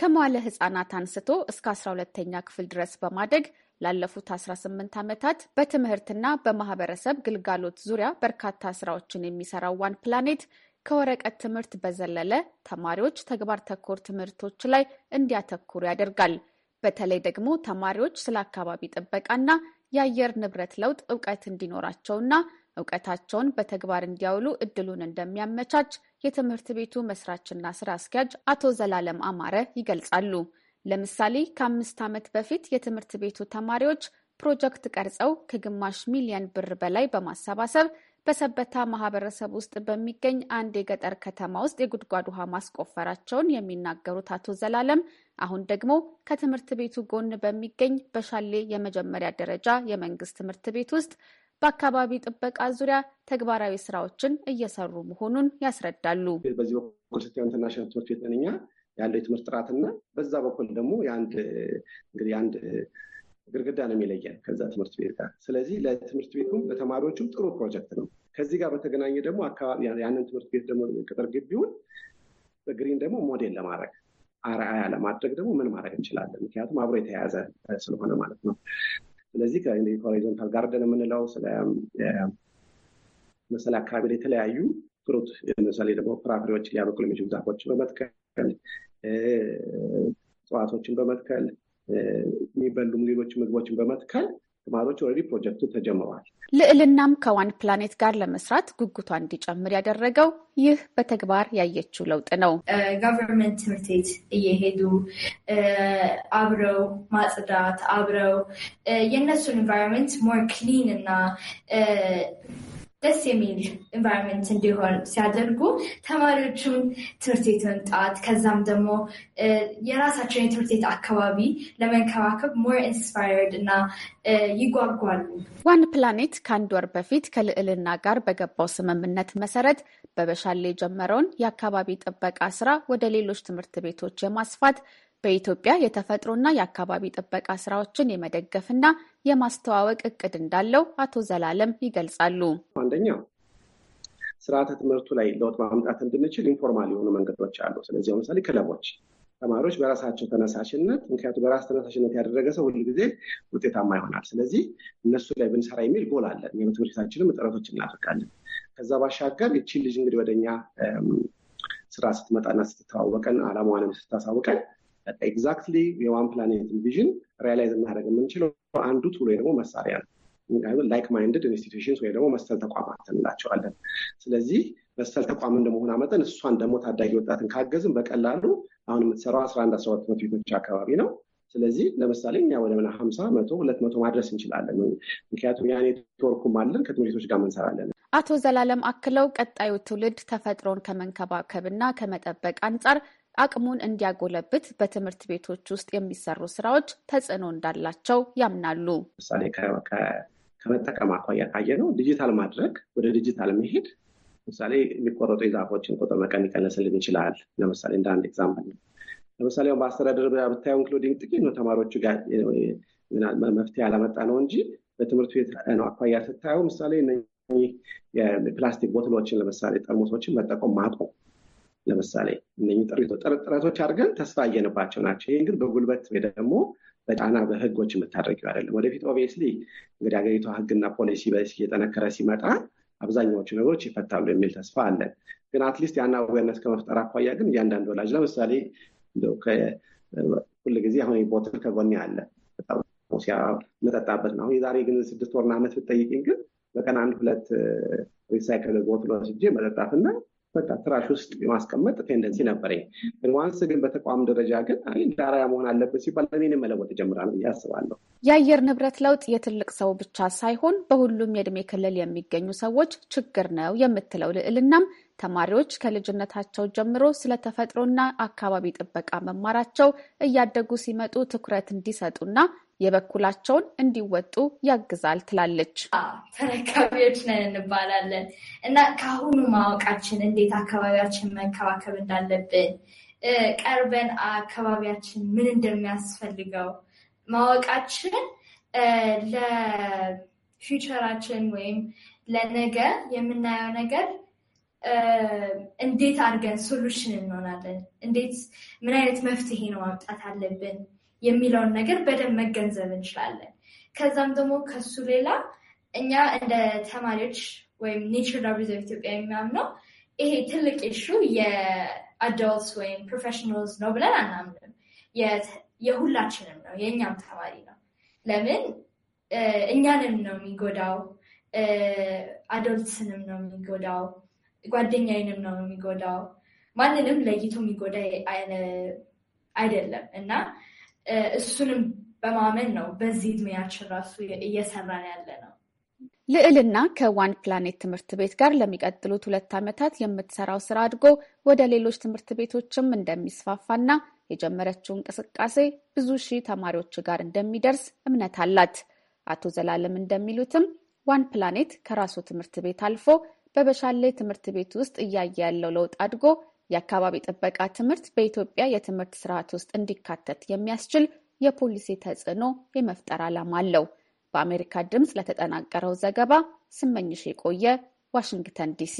ከመዋለ ህጻናት አንስቶ እስከ 12ተኛ ክፍል ድረስ በማደግ ላለፉት 18 ዓመታት በትምህርትና በማህበረሰብ ግልጋሎት ዙሪያ በርካታ ስራዎችን የሚሰራው ዋን ፕላኔት ከወረቀት ትምህርት በዘለለ ተማሪዎች ተግባር ተኮር ትምህርቶች ላይ እንዲያተኩሩ ያደርጋል። በተለይ ደግሞ ተማሪዎች ስለ አካባቢ ጥበቃና የአየር ንብረት ለውጥ እውቀት እንዲኖራቸውና እውቀታቸውን በተግባር እንዲያውሉ እድሉን እንደሚያመቻች የትምህርት ቤቱ መስራችና ስራ አስኪያጅ አቶ ዘላለም አማረ ይገልጻሉ። ለምሳሌ ከአምስት ዓመት በፊት የትምህርት ቤቱ ተማሪዎች ፕሮጀክት ቀርጸው ከግማሽ ሚሊየን ብር በላይ በማሰባሰብ በሰበታ ማህበረሰብ ውስጥ በሚገኝ አንድ የገጠር ከተማ ውስጥ የጉድጓድ ውሃ ማስቆፈራቸውን የሚናገሩት አቶ ዘላለም አሁን ደግሞ ከትምህርት ቤቱ ጎን በሚገኝ በሻሌ የመጀመሪያ ደረጃ የመንግስት ትምህርት ቤት ውስጥ በአካባቢ ጥበቃ ዙሪያ ተግባራዊ ስራዎችን እየሰሩ መሆኑን ያስረዳሉ። በዚህ በኩል ስታዩ ኢንተርናሽናል ትምህርት ቤት ነንኛ ያለው የትምህርት ጥራትና በዛ በኩል ደግሞ የአንድ እንግዲህ የአንድ ግርግዳ ነው የሚለየን ከዛ ትምህርት ቤት ጋር። ስለዚህ ለትምህርት ቤቱም ለተማሪዎቹም ጥሩ ፕሮጀክት ነው። ከዚህ ጋር በተገናኘ ደግሞ አካባቢ ያንን ትምህርት ቤት ደግሞ ቅጥር ግቢውን በግሪን ደግሞ ሞዴል ለማድረግ አርአያ ለማድረግ ደግሞ ምን ማድረግ እንችላለን? ምክንያቱም አብሮ የተያያዘ ስለሆነ ማለት ነው። ስለዚህ ሆሪዞንታል ጋርደን የምንለው መሰለ አካባቢ ላይ የተለያዩ ፍሩት ለምሳሌ ደግሞ ፍራፍሬዎች ሊያበቅሉ የሚችሉ ዛፎችን በመትከል እጽዋቶችን በመትከል የሚበሉም ሌሎች ምግቦችን በመትከል ተማሪዎች ኦልሬዲ ፕሮጀክቱ ተጀምረዋል። ልዕልናም ከዋን ፕላኔት ጋር ለመስራት ጉጉቷ እንዲጨምር ያደረገው ይህ በተግባር ያየችው ለውጥ ነው። ጋቨርንመንት ትምህርት ቤት እየሄዱ አብረው ማጽዳት፣ አብረው የእነሱን ኢንቫይሮንመንት ሞር ክሊን እና ደስ የሚል ኢንቫይሮንመንት እንዲሆን ሲያደርጉ ተማሪዎችም ትምህርት ቤት መምጣት ከዛም ደግሞ የራሳቸውን የትምህርት ቤት አካባቢ ለመንከባከብ ሞር ኢንስፓየርድ እና ይጓጓሉ። ዋን ፕላኔት ከአንድ ወር በፊት ከልዕልና ጋር በገባው ስምምነት መሰረት በበሻሌ የጀመረውን የአካባቢ ጥበቃ ስራ ወደ ሌሎች ትምህርት ቤቶች የማስፋት በኢትዮጵያ የተፈጥሮና የአካባቢ ጥበቃ ስራዎችን የመደገፍና የማስተዋወቅ እቅድ እንዳለው አቶ ዘላለም ይገልጻሉ። አንደኛው ስርዓተ ትምህርቱ ላይ ለውጥ ማምጣት እንድንችል ኢንፎርማል የሆኑ መንገዶች አሉ። ስለዚህ ለምሳሌ ክለቦች፣ ተማሪዎች በራሳቸው ተነሳሽነት ምክንያቱም በራስ ተነሳሽነት ያደረገ ሰው ሁል ጊዜ ውጤታማ ይሆናል። ስለዚህ እነሱ ላይ ብንሰራ የሚል ጎል አለን። በትምህርት ቤታችንም ጥረቶች እናደርጋለን። ከዛ ባሻገር ይቺን ልጅ እንግዲህ ወደኛ ስራ ስትመጣና ስትተዋወቀን አላማዋንም ስታሳውቀን ኤግዛክትሊ የዋን ፕላኔትን ቪዥን ሪያላይዝ እናደረግ የምንችለው አንዱ ቱሎ ደግሞ መሳሪያ ነው። ላይክ ማይንድድ ኢንስቲቱሽንስ ወይ ደግሞ መሰል ተቋማት እንላቸዋለን። ስለዚህ መሰል ተቋም እንደመሆን መጠን እሷን ደግሞ ታዳጊ ወጣትን ካገዝም በቀላሉ አሁን የምትሰራው አስራ አንድ አስራ ሁለት ቤቶች አካባቢ ነው። ስለዚህ ለምሳሌ እኛ ወደ ምና ሀምሳ መቶ ሁለት መቶ ማድረስ እንችላለን። ምክንያቱም ያ ኔትወርኩም አለን ከትምህርት ቤቶች ጋር እንሰራለን። አቶ ዘላለም አክለው ቀጣዩ ትውልድ ተፈጥሮን ከመንከባከብና ከመጠበቅ አንጻር አቅሙን እንዲያጎለብት በትምህርት ቤቶች ውስጥ የሚሰሩ ስራዎች ተጽዕኖ እንዳላቸው ያምናሉ። ምሳሌ ከመጠቀም አኳያ ካየ ነው ዲጂታል ማድረግ ወደ ዲጂታል መሄድ ለምሳሌ የሚቆረጡ የዛፎችን ቁጥር መቀን ሊቀነስልን ይችላል። ለምሳሌ እንደ አንድ ኤግዛምፕል ለምሳሌ በአስተዳደር ብታየው ኢንክሉዲንግ ጥቂት ነው ተማሪዎቹ ጋር መፍትሄ ያላመጣ ነው እንጂ በትምህርት ቤት ነው አኳያ ስታየው ምሳሌ የፕላስቲክ ቦትሎችን ለምሳሌ ጠርሙሶችን መጠቆም ማቆም ለምሳሌ እነህ ጥረቶች አድርገን ተስፋ እየንባቸው ናቸው። ይህ ግን በጉልበት ወይ ደግሞ በጫና በህጎች የምታደርጊው አይደለም። ወደፊት ኦብቪየስሊ እንግዲህ ሀገሪቷ ህግና ፖሊሲ እየጠነከረ ሲመጣ አብዛኛዎቹ ነገሮች ይፈታሉ የሚል ተስፋ አለን። ግን አትሊስት ያን አዌርነስ ከመፍጠር አኳያ ግን እያንዳንድ ወላጅ ለምሳሌ ሁል ጊዜ አሁን ቦትል ከጎኔ አለ መጠጣበት ነው። አሁን የዛሬ ግን ስድስት ወርና ዓመት ብጠይቅኝ ግን በቀን አንድ ሁለት ሪሳይክል ቦትል ወስጄ መጠጣትና በቃ ትራሽ ውስጥ የማስቀመጥ ቴንደንሲ ነበረኝ። ዋንስ ግን በተቋም ደረጃ ግን ዳራያ መሆን አለበት ሲባል እኔን መለወጥ ጀምራል ብዬ አስባለሁ። የአየር ንብረት ለውጥ የትልቅ ሰው ብቻ ሳይሆን በሁሉም የእድሜ ክልል የሚገኙ ሰዎች ችግር ነው የምትለው ልዕልናም ተማሪዎች ከልጅነታቸው ጀምሮ ስለ ተፈጥሮና አካባቢ ጥበቃ መማራቸው እያደጉ ሲመጡ ትኩረት እንዲሰጡና የበኩላቸውን እንዲወጡ ያግዛል ትላለች። ተረካቢዎች ነን እንባላለን እና ከአሁኑ ማወቃችን እንዴት አካባቢያችን መንከባከብ እንዳለብን ቀርበን አካባቢያችን ምን እንደሚያስፈልገው ማወቃችን ለፊውቸራችን ወይም ለነገ የምናየው ነገር እንዴት አድርገን ሶሉሽን እንሆናለን፣ እንዴት ምን አይነት መፍትሄ ነው ማምጣት አለብን የሚለውን ነገር በደንብ መገንዘብ እንችላለን። ከዛም ደግሞ ከሱ ሌላ እኛ እንደ ተማሪዎች ወይም ኔቸር ዳብሊው ኢትዮጵያ የሚያምነው ይሄ ትልቅ ሹ የአዳልትስ ወይም ፕሮፌሽናልስ ነው ብለን አናምንም። የሁላችንም ነው፣ የእኛም ተማሪ ነው። ለምን እኛንም ነው የሚጎዳው፣ አዳልትስንም ነው የሚጎዳው፣ ጓደኛዬንም ነው የሚጎዳው። ማንንም ለይቶ የሚጎዳ አይደለም እና እሱንም በማመን ነው በዚህ እድሜያችን ራሱ እየሰራን ያለ ነው። ልዕልና ከዋን ፕላኔት ትምህርት ቤት ጋር ለሚቀጥሉት ሁለት ዓመታት የምትሰራው ስራ አድጎ ወደ ሌሎች ትምህርት ቤቶችም እንደሚስፋፋና የጀመረችው እንቅስቃሴ ብዙ ሺህ ተማሪዎች ጋር እንደሚደርስ እምነት አላት። አቶ ዘላለም እንደሚሉትም ዋን ፕላኔት ከራሱ ትምህርት ቤት አልፎ በበሻሌ ትምህርት ቤት ውስጥ እያየ ያለው ለውጥ አድጎ የአካባቢ ጥበቃ ትምህርት በኢትዮጵያ የትምህርት ስርዓት ውስጥ እንዲካተት የሚያስችል የፖሊሲ ተጽዕኖ የመፍጠር ዓላማ አለው። በአሜሪካ ድምፅ ለተጠናቀረው ዘገባ ስመኝሽ የቆየ ዋሽንግተን ዲሲ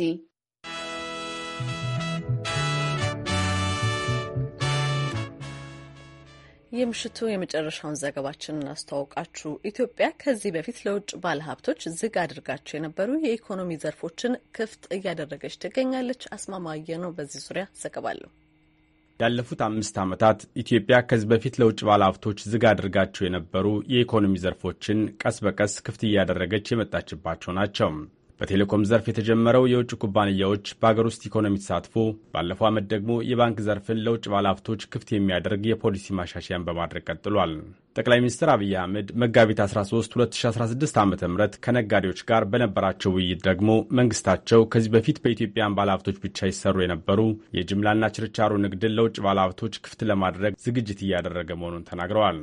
የምሽቱ የመጨረሻውን ዘገባችን እናስተዋውቃችሁ። ኢትዮጵያ ከዚህ በፊት ለውጭ ባለሀብቶች ዝግ አድርጋቸው የነበሩ የኢኮኖሚ ዘርፎችን ክፍት እያደረገች ትገኛለች። አስማማየ ነው በዚህ ዙሪያ ዘገባለሁ። ያለፉት አምስት ዓመታት ኢትዮጵያ ከዚህ በፊት ለውጭ ባለሀብቶች ዝግ አድርጋቸው የነበሩ የኢኮኖሚ ዘርፎችን ቀስ በቀስ ክፍት እያደረገች የመጣችባቸው ናቸው። በቴሌኮም ዘርፍ የተጀመረው የውጭ ኩባንያዎች በአገር ውስጥ ኢኮኖሚ ተሳትፎ ባለፈው ዓመት ደግሞ የባንክ ዘርፍን ለውጭ ባለሀብቶች ክፍት የሚያደርግ የፖሊሲ ማሻሻያን በማድረግ ቀጥሏል። ጠቅላይ ሚኒስትር አብይ አህመድ መጋቢት 13 2016 ዓ ም ከነጋዴዎች ጋር በነበራቸው ውይይት ደግሞ መንግስታቸው ከዚህ በፊት በኢትዮጵያን ባለሀብቶች ብቻ ይሰሩ የነበሩ የጅምላና ችርቻሮ ንግድን ለውጭ ባለሀብቶች ክፍት ለማድረግ ዝግጅት እያደረገ መሆኑን ተናግረዋል።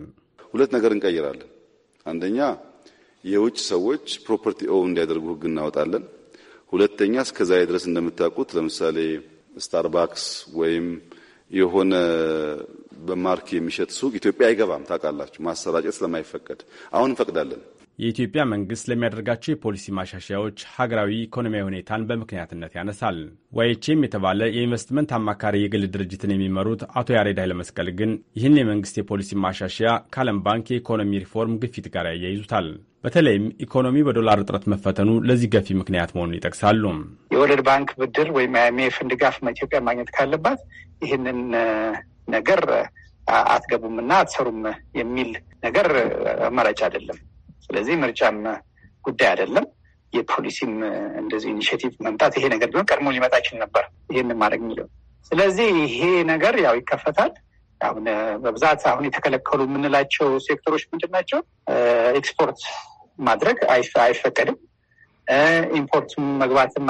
ሁለት ነገር እንቀይራለን። አንደኛ የውጭ ሰዎች ፕሮፐርቲ ኦን እንዲያደርጉ ህግ እናወጣለን። ሁለተኛ እስከዛሬ ድረስ እንደምታውቁት ለምሳሌ ስታርባክስ ወይም የሆነ በማርክ የሚሸጥ ሱቅ ኢትዮጵያ አይገባም። ታውቃላችሁ፣ ማሰራጨት ስለማይፈቀድ አሁን እንፈቅዳለን። የኢትዮጵያ መንግስት ለሚያደርጋቸው የፖሊሲ ማሻሻያዎች ሀገራዊ ኢኮኖሚያዊ ሁኔታን በምክንያትነት ያነሳል። ዋይቼም የተባለ የኢንቨስትመንት አማካሪ የግል ድርጅትን የሚመሩት አቶ ያሬድ ኃይለመስቀል ግን ይህን የመንግስት የፖሊሲ ማሻሻያ ከዓለም ባንክ የኢኮኖሚ ሪፎርም ግፊት ጋር ያያይዙታል። በተለይም ኢኮኖሚ በዶላር እጥረት መፈተኑ ለዚህ ገፊ ምክንያት መሆኑን ይጠቅሳሉ። የወለድ ባንክ ብድር ወይም አይኤምኤፍን ድጋፍ ኢትዮጵያ ማግኘት ካለባት ይህንን ነገር አትገቡምና አትሰሩም የሚል ነገር አማራጭ አይደለም። ስለዚህ ምርጫም ጉዳይ አይደለም። የፖሊሲም እንደዚህ ኢኒሽቲቭ መምጣት ይሄ ነገር ቢሆን ቀድሞ ሊመጣ ይችል ነበር። ይህን ማድረግ የሚለው ስለዚህ ይሄ ነገር ያው ይከፈታል። አሁን በብዛት አሁን የተከለከሉ የምንላቸው ሴክተሮች ምንድን ናቸው? ኤክስፖርት ማድረግ አይፈቀድም። ኢምፖርት መግባትም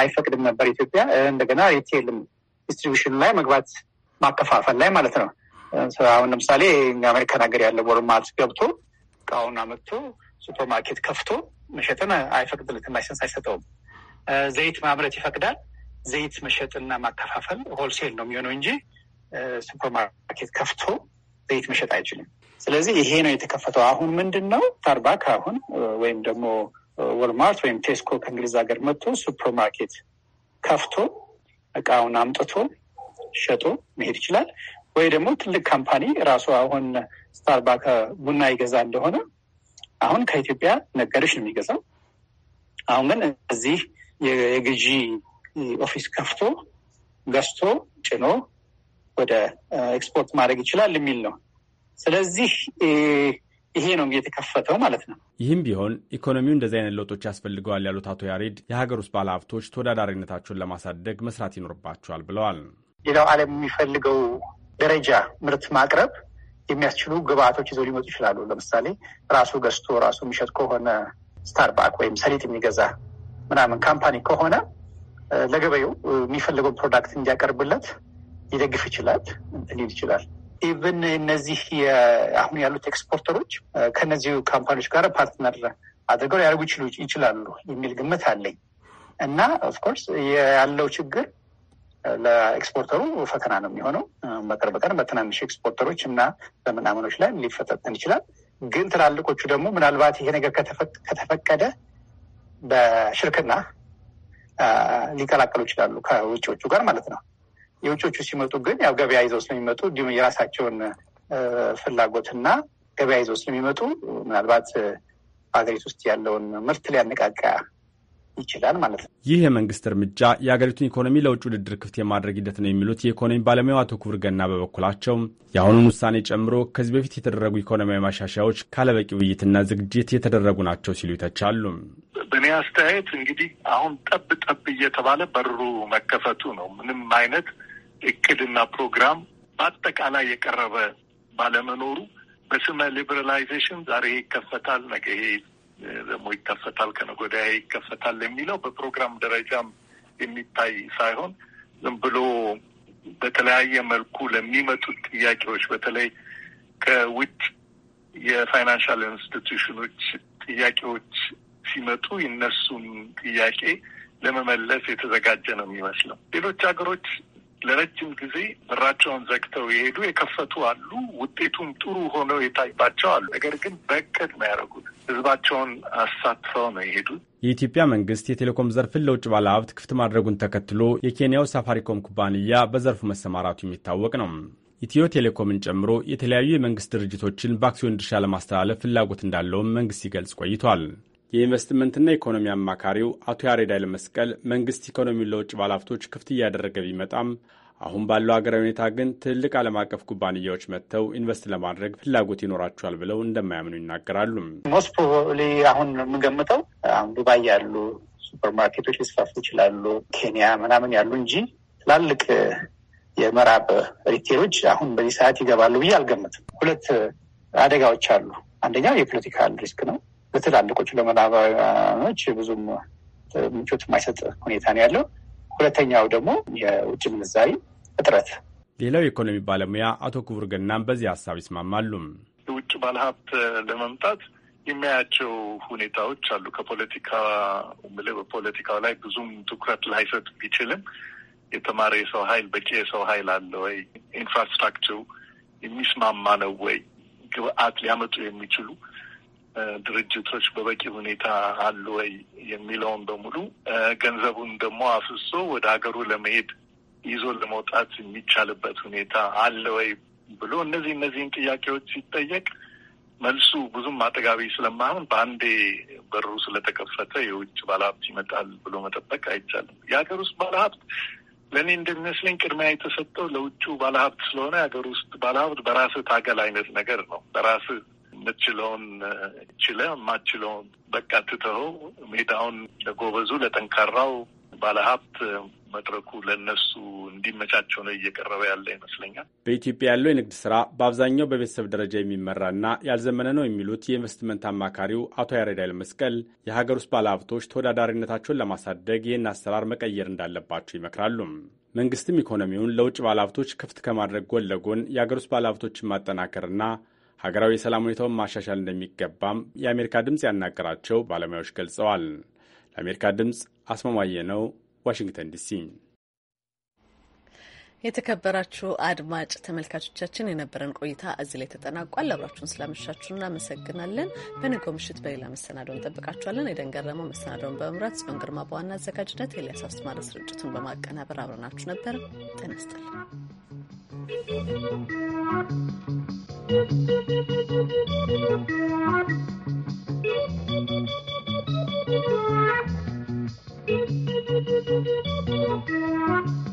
አይፈቅድም ነበር ኢትዮጵያ። እንደገና ሪቴልም ዲስትሪቢሽን ላይ መግባት ማከፋፈል ላይ ማለት ነው። አሁን ለምሳሌ አሜሪካን ሀገር ያለ ወርማት ገብቶ እቃውን አመጥቶ ሱፐር ማርኬት ከፍቶ መሸጥን አይፈቅድለትም፣ ላይሰንስ አይሰጠውም። ዘይት ማምረት ይፈቅዳል። ዘይት መሸጥና ማከፋፈል ሆልሴል ነው የሚሆነው እንጂ ሱፐር ማርኬት ከፍቶ ዘይት መሸጥ አይችልም። ስለዚህ ይሄ ነው የተከፈተው። አሁን ምንድን ነው ታርባክ አሁን ወይም ደግሞ ወልማርት ወይም ቴስኮ ከእንግሊዝ ሀገር መጥቶ ሱፐር ማርኬት ከፍቶ እቃውን አምጥቶ ሸጦ መሄድ ይችላል። ወይ ደግሞ ትልቅ ካምፓኒ ራሱ አሁን ስታርባክ ቡና ይገዛ እንደሆነ አሁን ከኢትዮጵያ ነጋዴዎች ነው የሚገዛው። አሁን ግን እዚህ የግዢ ኦፊስ ከፍቶ ገዝቶ ጭኖ ወደ ኤክስፖርት ማድረግ ይችላል የሚል ነው። ስለዚህ ይሄ ነው የተከፈተው ማለት ነው። ይህም ቢሆን ኢኮኖሚው እንደዚህ አይነት ለውጦች ያስፈልገዋል ያሉት አቶ ያሬድ የሀገር ውስጥ ባለሀብቶች ተወዳዳሪነታቸውን ለማሳደግ መስራት ይኖርባቸዋል ብለዋል። ሌላው ዓለም የሚፈልገው ደረጃ ምርት ማቅረብ የሚያስችሉ ግብአቶች ይዘው ሊመጡ ይችላሉ። ለምሳሌ ራሱ ገዝቶ ራሱ የሚሸጥ ከሆነ ስታርባክ ወይም ሰሊጥ የሚገዛ ምናምን ካምፓኒ ከሆነ ለገበያው የሚፈልገውን ፕሮዳክት እንዲያቀርብለት ሊደግፍ ይችላል፣ ሊል ይችላል። ኢቨን እነዚህ አሁን ያሉት ኤክስፖርተሮች ከነዚህ ካምፓኒዎች ጋር ፓርትነር አድርገው ሊያደርጉ ይችላሉ የሚል ግምት አለኝ እና ኦፍኮርስ ያለው ችግር ለኤክስፖርተሩ ፈተና ነው የሚሆነው። በቅርብ ቀን በትናንሽ ኤክስፖርተሮች እና በምናምኖች ላይ ሊፈጠጥን ይችላል። ግን ትላልቆቹ ደግሞ ምናልባት ይሄ ነገር ከተፈቀደ በሽርክና ሊቀላቀሉ ይችላሉ ከውጭዎቹ ጋር ማለት ነው። የውጭዎቹ ሲመጡ ግን ያው ገበያ ይዘው ስለሚመጡ እንዲሁም የራሳቸውን ፍላጎትና ገበያ ይዘው ስለሚመጡ ምናልባት በሀገሪቱ ውስጥ ያለውን ምርት ሊያነቃቃ ይችላል ማለት ነው። ይህ የመንግስት እርምጃ የአገሪቱን ኢኮኖሚ ለውጭ ውድድር ክፍት የማድረግ ሂደት ነው የሚሉት የኢኮኖሚ ባለሙያው አቶ ክቡር ገና በበኩላቸው የአሁኑን ውሳኔ ጨምሮ ከዚህ በፊት የተደረጉ ኢኮኖሚያዊ ማሻሻያዎች ካለበቂ ውይይትና ዝግጅት የተደረጉ ናቸው ሲሉ ይተቻሉ። በእኔ አስተያየት እንግዲህ አሁን ጠብ ጠብ እየተባለ በሩ መከፈቱ ነው። ምንም አይነት እቅድና ፕሮግራም በአጠቃላይ የቀረበ ባለመኖሩ በስመ ሊበራላይዜሽን ዛሬ ይከፈታል ነገ ደግሞ ይከፈታል፣ ከነገ ወዲያ ይከፈታል የሚለው በፕሮግራም ደረጃም የሚታይ ሳይሆን ዝም ብሎ በተለያየ መልኩ ለሚመጡት ጥያቄዎች በተለይ ከውጭ የፋይናንሻል ኢንስቲትዩሽኖች ጥያቄዎች ሲመጡ የነሱን ጥያቄ ለመመለስ የተዘጋጀ ነው የሚመስለው። ሌሎች ሀገሮች ለረጅም ጊዜ በራቸውን ዘግተው የሄዱ የከፈቱ አሉ። ውጤቱም ጥሩ ሆነው የታይባቸው አሉ። ነገር ግን በእቅድ ነው ያደረጉት። ህዝባቸውን አሳትፈው ነው የሄዱት። የኢትዮጵያ መንግስት የቴሌኮም ዘርፍን ለውጭ ባለሀብት ክፍት ማድረጉን ተከትሎ የኬንያው ሳፋሪኮም ኩባንያ በዘርፉ መሰማራቱ የሚታወቅ ነው። ኢትዮ ቴሌኮምን ጨምሮ የተለያዩ የመንግስት ድርጅቶችን በአክሲዮን ድርሻ ለማስተላለፍ ፍላጎት እንዳለውም መንግስት ሲገልጽ ቆይቷል። የኢንቨስትመንትና ኢኮኖሚ አማካሪው አቶ ያሬድ ኃይለመስቀል መንግስት ኢኮኖሚውን ለውጭ ባለሀብቶች ክፍት እያደረገ ቢመጣም አሁን ባለው ሀገራዊ ሁኔታ ግን ትልቅ ዓለም አቀፍ ኩባንያዎች መጥተው ኢንቨስት ለማድረግ ፍላጎት ይኖራቸዋል ብለው እንደማያምኑ ይናገራሉ። ሞስት ፕሮባብሊ አሁን የምገምተው አሁን ዱባይ ያሉ ሱፐርማርኬቶች ሊስፋፉ ይችላሉ፣ ኬንያ ምናምን ያሉ እንጂ ትላልቅ የምዕራብ ሪቴሎች አሁን በዚህ ሰዓት ይገባሉ ብዬ አልገምትም። ሁለት አደጋዎች አሉ። አንደኛው የፖለቲካል ሪስክ ነው። ለትላልቆቹ ለምዕራባውያኖች ብዙም ምቾት የማይሰጥ ሁኔታ ነው ያለው። ሁለተኛው ደግሞ የውጭ ምንዛሪ እጥረት። ሌላው የኢኮኖሚ ባለሙያ አቶ ክቡር ገናም በዚህ ሀሳብ ይስማማሉ። የውጭ ባለሀብት ለመምጣት የሚያያቸው ሁኔታዎች አሉ። ከፖለቲካ በፖለቲካው ላይ ብዙም ትኩረት ላይሰጥ ቢችልም የተማረ የሰው ኃይል በቂ የሰው ኃይል አለ ወይ? ኢንፍራስትራክቸሩ የሚስማማ ነው ወይ? ግብአት ሊያመጡ የሚችሉ ድርጅቶች በበቂ ሁኔታ አሉ ወይ የሚለውን በሙሉ ገንዘቡን ደግሞ አፍሶ ወደ ሀገሩ ለመሄድ ይዞ ለመውጣት የሚቻልበት ሁኔታ አለ ወይ ብሎ እነዚህ እነዚህን ጥያቄዎች ሲጠየቅ መልሱ ብዙም አጠጋቢ ስለማይሆን በአንዴ በሩ ስለተከፈተ የውጭ ባለሀብት ይመጣል ብሎ መጠበቅ አይቻልም። የሀገር ውስጥ ባለሀብት ለእኔ እንደሚመስለኝ ቅድሚያ የተሰጠው ለውጭ ባለሀብት ስለሆነ የሀገር ውስጥ ባለሀብት በራስህ ታገል አይነት ነገር ነው። በራስህ የምትችለውን ችለ የማትችለውን በቃ ትተኸው ሜዳውን ለጎበዙ ለጠንካራው ባለሀብት መድረኩ ለነሱ እንዲመቻቸው ነው እየቀረበ ያለ ይመስለኛል። በኢትዮጵያ ያለው የንግድ ስራ በአብዛኛው በቤተሰብ ደረጃ የሚመራና ያልዘመነ ነው የሚሉት የኢንቨስትመንት አማካሪው አቶ ያሬዳይል መስቀል የሀገር ውስጥ ባለሀብቶች ተወዳዳሪነታቸውን ለማሳደግ ይህን አሰራር መቀየር እንዳለባቸው ይመክራሉ። መንግስትም ኢኮኖሚውን ለውጭ ባለሀብቶች ክፍት ከማድረግ ጎን ለጎን የሀገር ውስጥ ባለሀብቶችን ማጠናከርና ሀገራዊ የሰላም ሁኔታውን ማሻሻል እንደሚገባም የአሜሪካ ድምፅ ያናገራቸው ባለሙያዎች ገልጸዋል። ለአሜሪካ ድምፅ አስማማየ ነው፣ ዋሽንግተን ዲሲ። የተከበራችሁ አድማጭ ተመልካቾቻችን የነበረን ቆይታ እዚህ ላይ ተጠናቋል። አብራችሁን ስላመሻችሁ እናመሰግናለን። በነገው ምሽት በሌላ መሰናዶ እንጠብቃችኋለን። የደን ገረመው መሰናዶውን በመምራት ጽዮን ግርማ በዋና አዘጋጅነት፣ ኤልያስ አስማረ ስርጭቱን በማቀናበር አብረናችሁ ነበር። ጤና ይስጥልኝ። Thank you.